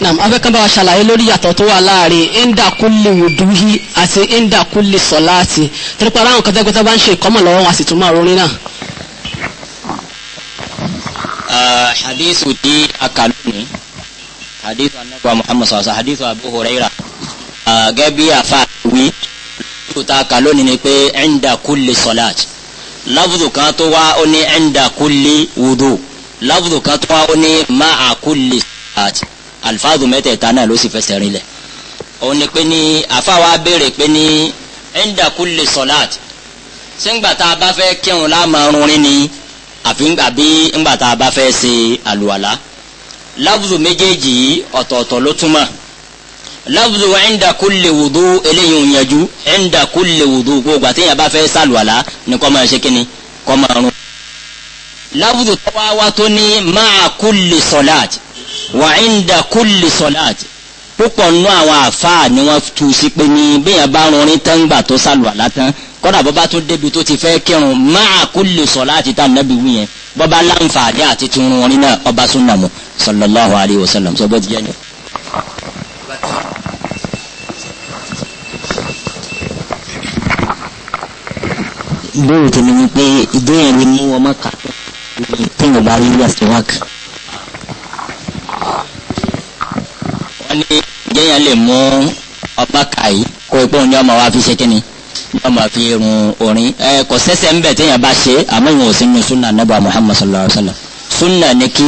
naam afẹ́kàn bá wa ṣàlàyé lórí yàtọ̀ tó wà láàrin indakuli wuduhi àti indakuli sọláàtì torípa aráwọn kẹtẹkẹtẹ bá ń ṣe ìkọ́mọ̀ lọ́wọ́ wọn sì tún máa rorin náà. Ah, hadithu di akaluni hadithu anabiwa muhammad sallallahu hadithu abu huraira ah, gẹ́bí àfàwí tó ta akaluni ni pé indakuli sọláàtì lábùdù kan tó wá ó ní indakuli wudu lábùdù kan tó wá ó ní máa kuli sọláàtì alifáàdù mẹ́tẹ̀ẹ̀ta náà ló sì fẹsẹ̀ rinlẹ̀ òun ni pé ní àfáwa béèrè pé ní ẹ̀ńdà kulli sọ̀láàtì sẹ́ńgbà tá a bá fẹ́ kírun lámàrún rin ni àfi àbí ńgbà tá a bá fẹ́ ṣe àlùwàlá lábùzù méjèèjì yìí ọ̀tọ̀ọ̀tọ̀ ló túmọ̀ lábùzù ẹ̀ńdà kulli wùdú eléyìí ń yanjú ẹ̀ńdà kulli wùdú gbogbo àtẹ̀yìn bá fẹ́ ṣàlùwàlá ni rún. lábùzù tọ́wá tó ní máa kulli sọ̀láàtì wa inda kulli sọláàtì púpọ̀ nínú àwọn àfáà ni wọ́n tu sí pé ní bíyàn bá rin tán gbà tó sàlùwàlá tán kọ́dà bọ́ba tó débi tó ti fẹ́ kírun máa kulli sọláàtì tá nàbí wí yẹn bọ́ba láǹfààní àti tún rin náà ọba súnà sallallahu alayhi wa sallam sọ bó ti yẹn ni. ìbéèrè tèmi pé ìdóyàn lè mú ọmọ kà tó ní tí ìwọ̀n bá rí ilé àti wákà. ní jẹ́yàn lè mú ọba kàyí kó ipò ní ọmọ wa fi ṣe kíni ní ọmọ fi run orin ẹ kò sẹ́sẹ̀ ńbẹ̀ téèyàn bá ṣe àmọ́ ìwọ̀n òsín ní sunna nebo muhammad sallallahu alayhi wa sallam sunna ni kí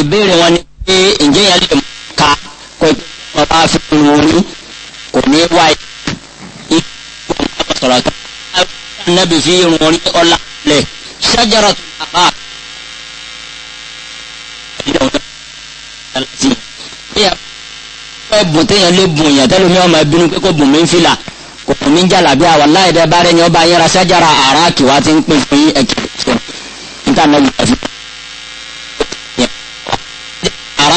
ìbéèrè wọn ni pé ǹjẹ́ yẹn lè mú ká kó ipò ní ọba fi run orin kò ní wá ipò muhammad sallallahu alayhi wa sallam nabi fi run orin ọ̀la lẹ̀ ṣájára tó bá a téèyàn fẹ́ bùn téèyàn lé bùn yàn tẹ́lẹ̀ mi ọ̀ máa bínú pé kò bùn mí ń fìlà kò bùn mí ń jàlábí àwa láì dẹ́ bárẹ̀ ni ọba yẹra sájára àrà kìwá ti ń pè fún yín ẹ̀kí ṣe níta náà yóò fi. ara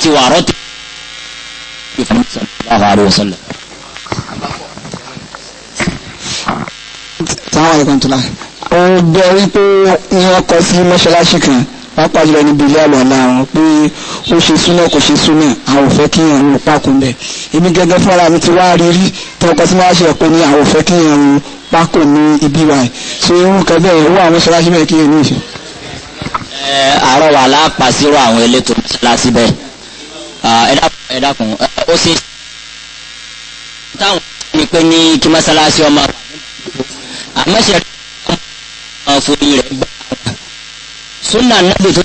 ti wà rọ́tì. sáwọn ìkàntúlá ó jẹ́ wípé ìyẹn ọkọ̀ sí mọ́ṣáláṣí kan pàápàá jùlọ níbi ilé àlọ́lá wọn pé ó ṣe súnà kò ṣe súnà àwọn òfẹ́ kí èèyàn ń pákó mbẹ̀ èmi gẹ́gẹ́ fúnra mi ti wá rí rí tọkọ tí wọ́n ṣe pé ní àwọn òfẹ́ kí èèyàn ń pákó ní ibi wa ṣé irú kan bẹ́ẹ̀ wọ́n àwọn mọ́ṣáláṣí bẹ́ẹ̀ kí èèyàn ní ìṣe. àárọ̀ wà lápá àwọn elétò mọ́ṣáláṣí bẹ́ẹ̀ ẹ dákun ó sì táwọn ní pé ní kí mọ́ṣáláṣí ọmọ àmọ́ṣẹ́ fún ilẹ̀ súnà nábì tó.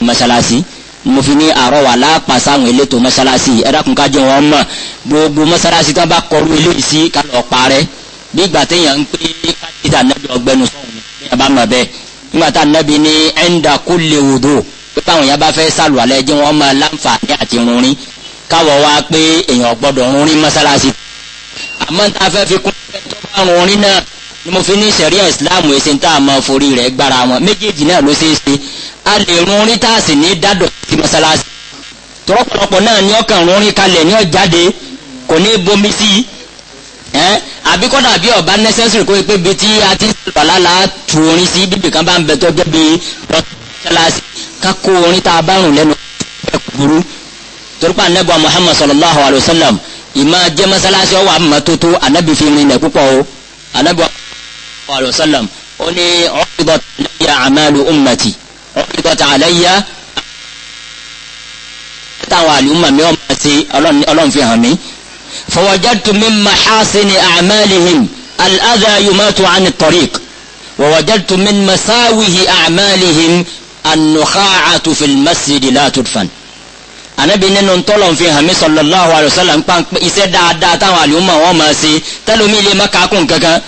masalasi mo fi ní àárọ̀ wà lápàṣẹ àwọn elétò masalasi ẹ̀dàkùn kájọ wọn mọ̀ gbogbo masalasi tó bá kọrú eléyìí sí kálọ̀ parẹ́ bí ìgbà téèyàn ń pè é kájíta nábì ọgbẹ́nu sọ̀hún ní ẹ̀ bá mọ̀ bẹ́ẹ̀ nígbà tá nábì ní ẹ̀ńdà kó léwu dò pé táwọn yẹn bá fẹ́ sàlùwalẹ̀ jẹ́ wọ́n mọ láǹfààní àti rúnrín káwọ̀ wá pé èèyàn gbọ́dọ̀ rún rí mọ́sálásí. àmọ́ tá a fẹ́ fi kún ẹgbẹ́ tó bá rún rí náà ni mo fi ní sẹ̀ríà ìsìláàmù èsì tá a máa forí rẹ̀ gbára wọn méjèèjì náà ló ṣeé ṣe a lè rún rí tá a sì ní dádọ̀ sí mọ́sálásí. tọ́pọ̀lọpọ̀ náà ni ọkàn rún rí kalẹ̀ ní ọ̀jáde kò ní bomi sí i àbí bí ọba necessary kó pé bi tí a ti sọ̀rọ̀ la tu orin sí bíbí kan bá ń bẹ tó jẹ́ bi torípa anabi muhammad sallallahu alaihi wasallam ìmá jẹ́ masalasi wa matutu anabi fi ni lẹ̀ púpọ̀ o anabi sallallahu alaihi wasallam oni uqidat ya amalu ummati uqidat alayya tawa táwọn umma mi o ma se olon olon fi hàn mí. fawajadtu min mahasini a'malihim al-adha yumatu 'an at-tariq wawajadtu min masawihi a'malihim an-nukha'atu fil masjid la tudfan. anabi nínú ntọ́lọ̀ fi hàn mí sallallahu alaihi wasallam ń pa iṣẹ́ dáadáa táwọn àlùmọ̀ wọn máa ṣe tẹ́lómi lè má kàákùn kankan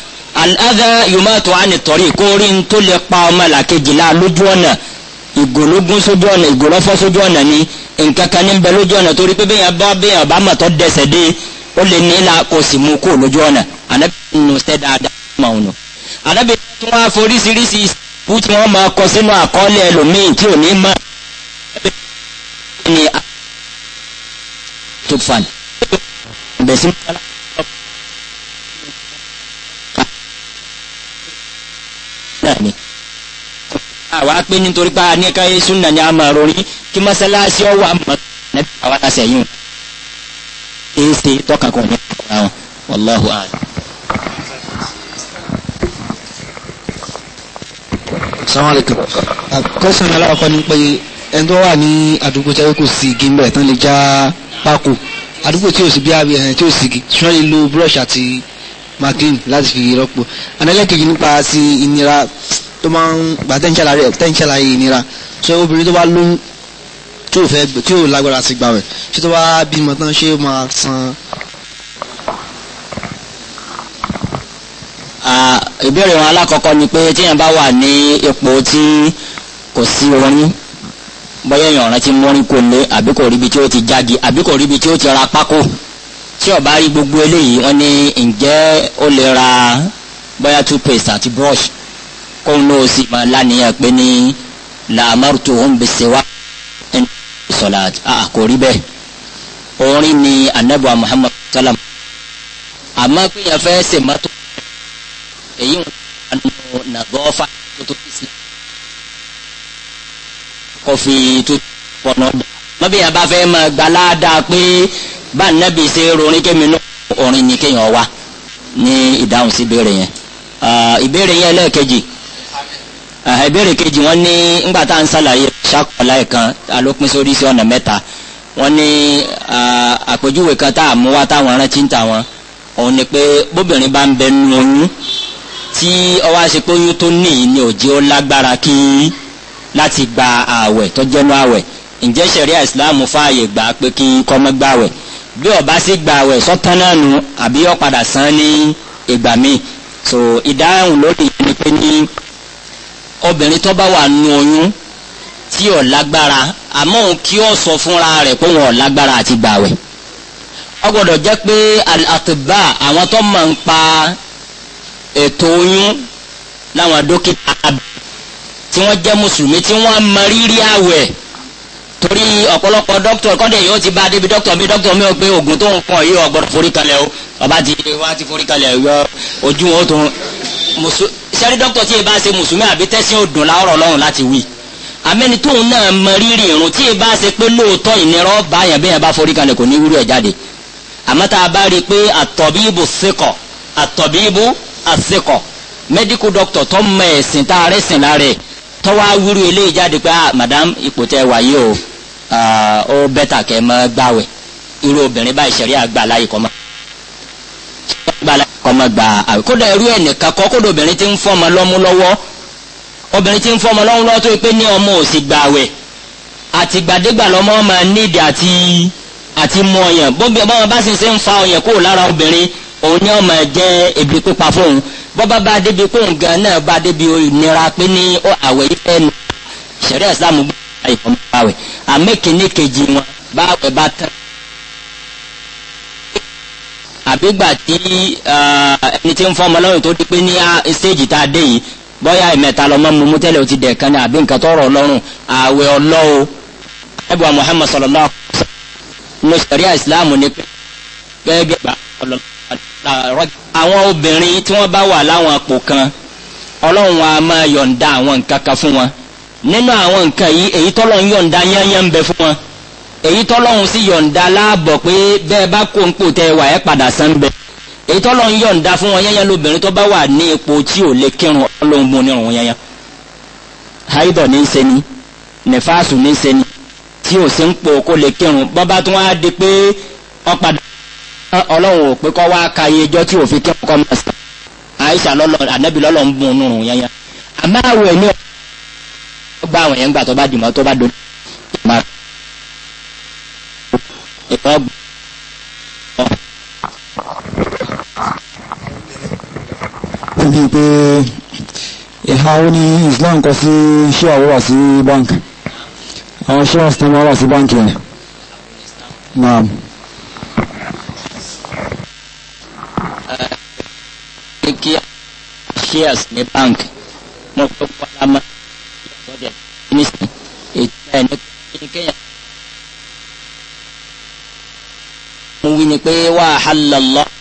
al-adha yumatu ani tọ̀rí kórì ń tó lè pa ọmọ làkejì la lójú ọ̀nà ìgòlógún sójú ọ̀nà ìgòlọ́fọ́ sójú ọ̀nà ni nǹkan kan ní bẹ lójú ọ̀nà torí pé bẹ́ẹ̀ bá bẹ́ẹ̀ ọba mọ̀tọ́ dẹsẹ̀ dé ó lè ní la kò sì mú kó lójú ọ̀nà anabi nínú iṣẹ́ dáadáa máa ń nù anabi tí wọ́n á foríṣiríṣi kú tí wọ́n máa kọ sínú àkọọ́lẹ̀ ẹlòmíì tí ò ní mọ̀ ni a tukfan bẹ sí mọ́tàlá. ni àwa pé nítorí pé a ní ká sunna ni a máa rori kí mọ́sálásí ọ̀wọ́ àmọ́ nàbí àwa ta sẹ́yìn èyí ṣe tọ́kàn kan ní àwọn wàláhu àlá. sàmàlìkì kọ́sìn aláwọ̀ kan ní ẹni tó wà ní àdúgbò tẹ́wé kò sí gímbẹ̀ tán lè já pákó àdúgbò tí o sì bí abẹ ẹ̀hìn tí o sì gi ṣùgbọ́n lè lo brush àti maclean láti fi rọ́pò anẹ́lẹ́kejì nípa sí ìnira tó máa ń gbà tẹ́ńṣàlàyé ìnira ṣé obìnrin tó bá lóyún tí ò fẹ́ tí ò lágbára sí gbàwẹ̀ ṣé tó bá bímọ tán ṣé máa san. ìbéèrè wọn alákọ̀ọ́kọ́ ni pé téèyàn bá wà ní ipò tí kò sí oyún bóyá èèyàn rántí mọ́rin kò lé àbí kò ríbi tí ó ti jáde àbí kò ríbi tí ó ti ra pákó tí ó bá rí gbogbo eléyìí wọ́n ní ǹjẹ́ ó lè ra bóyá toothpaste àti brush kóun ló sì máa lánìyàn pé ní làmárùtò òun bè ṣe wá ẹni sọlá kò rí bẹ́ẹ̀ orin ni anabuwa muhammad salam àmọ́ pé yẹn fẹ́ ṣèmọ́tò èyí ń wọ́n nà gọ́fà tó tó islam kó fi tó pọnà dà lọ́bí yẹn bá fẹ́ máa gba ládàá pé bá nẹ́bí ṣe rorin kémi náà orin ni kéèyàn wá ní ìdáhùn sí ìbéèrè yẹn ìbéèrè yẹn lẹ́ẹ̀kejì ìbéèrè kejì wọ́n ní ńgbà tá à ń ṣàlàyé ṣàkọọ́lá ẹ̀kan alópin sórí sí ọ̀nà mẹ́ta wọ́n ní àpèjúwe kan tá a mú wá táwọn arántí ń tà wọn òun ni pé bóbìnrin bá ń bẹ nu oyún tí ọwọ́ àṣepé oyún tó ní ní òjì ó lágbára kí láti gba ààwẹ̀ tó jẹ́nu ààwẹ̀ ǹjẹ́ sẹ̀ríà ìsìláàmù fààyè gbà pé kí kọ́mọ́ gbà wẹ̀ bí ọba sì gba ààwẹ̀ sọ́tán náà nù àbí ó san ní ìgbà míì so ìdáhùn lórí yẹn ni pé ní obìnrin tó bá wà nù oyún tí ò lágbára àmọ́ òun kí ó sọ fúnra rẹ̀ pé òun ò lágbára àti gbà wẹ̀ ó pé àtìbá àwọn tó mọ̀ ń pa ètò oyún láwọn dókítà abẹ́ tí wọ́n jẹ́ mùsùlùmí tí wọ́n mọ rírì àwẹ̀ torí ọ̀pọ̀lọpọ̀ dókítà kọ́dẹ̀ yóò ti bá débi dókítà mi dókítà mi ò pé oògùn tó ń kàn yìí ó gbọ́dọ̀ forí kalẹ̀ o ọba ti wá ti forí kalẹ̀ yọ ojú wọn tó sẹ́rí dókítà tí e bá ṣe mùsùlùmí àbí tẹ́sí òdùn láọ̀rọ̀ lọ́rùn láti wí amẹ́ni tóun náà mọ rírì irun tí e bá ṣe pé lóòótọ́ ìnira ọba yẹn bẹ́ẹ̀ bá forí kalẹ̀ kò ní wúrú ẹ̀ jáde àmọ́ tọ́wọ́ awúrú eléyìí jáde pé ah madam ipò tẹ wáyé o ah, ó bẹ́tà kẹ́ mọ́ gbàwẹ̀ irú obìnrin báyìí sẹ̀rí àgbà láyé kọ́ mọ́ kọ́ mọ́ gbà àwẹ̀ kódà irú ẹnìkan kọ́ kódà obìnrin ti ń fọ́mọ lọ́mú lọ́wọ́ obìnrin ti ń fọ́mọ lọ́mú lọ́wọ́ tó yẹ pé ní ọmọ ò sì gbàwẹ̀ àtìgbàdégbà lọ́mọ ọmọ nídìí àti àti mú ọyàn bọ́n bá sì ń fa ọyàn kúrò lára obìnrin òun ni ọmọ jẹ́ ebi pípa fóun bọ́bá bá débi pé nǹkan náà bá débi ìnira pé ní àwẹ̀ yìí fẹ́ nu sẹ̀rí ẹ̀sìlámù gbé àyẹ̀kọ́ mọ́ àwẹ̀ àmẹ́kìnní kejì wọn bá àwẹ̀ bá tán àbígbà tí ẹni tí ń fọmọ lọ́rùn tó di pé ní stéèjì tá a dé yìí bóyá ìmẹ̀ta lọ́mọ mumu tẹ́lẹ̀ o ti dẹ̀ kan ní àbí nǹkan tọrọ ọlọ́run ààwẹ̀ ọlọ́wọ́ ẹ̀bùn Muhammad sallallahu alaihi wasallam ní sẹ̀ríà Ah, àwọn obìnrin tí wọ́n bá wà láwọn àpò kan ọlọ́run a máa yọ̀ǹda àwọn nǹkan kan fún wọn nínú àwọn nǹkan yìí èyí tọ́lọ́run yọ̀ǹda yányán bẹ fún wọn èyí tọ́lọ́run sì yọ̀ǹda láàbọ̀ pé bẹ́ẹ̀ bá kó ń pò tẹ́ wà ẹ́ padà sán bẹ́ẹ̀ èyí tọ́lọ́run yọ̀ǹda fún wọn yányán lóbìnrin tó bá wà ní ipò tí ò lè kírun ọlọ́run mú nírun wọn yányán haidọ̀ ní í ṣe ni nífàásù ní í ṣe ni tí ò sí ń pò kó lè kírun bọ́ bá tún wá di pé ọ padà ọlọ́run ò pé kọ́ wá ka iye ẹjọ́ tí òfin kí ọkọ máa sàn àìsàn lọ́lọ́ ànábì lọ́lọ́ ń bùn nùrùn yẹn yẹn àmọ́ àwọn ẹ̀mí ọgbà àwọn yẹn gbà tó bá dìmọ́ tó bá dojú ìgbà ìgbà ọgbà. bíi pé ìhà ó ní Islam kọ sí ṣíà wọ́wà sí báńkì àwọn ṣíà sì tán wọ́wà sí báńkì yẹn. ní kí shares ní bank mo fẹ́ kó alámà ìyàsọ́dẹ̀ mínísítì ìtura ẹ̀ ní kéèyàn. mo wí ni pé wàhálà lọ́wọ́.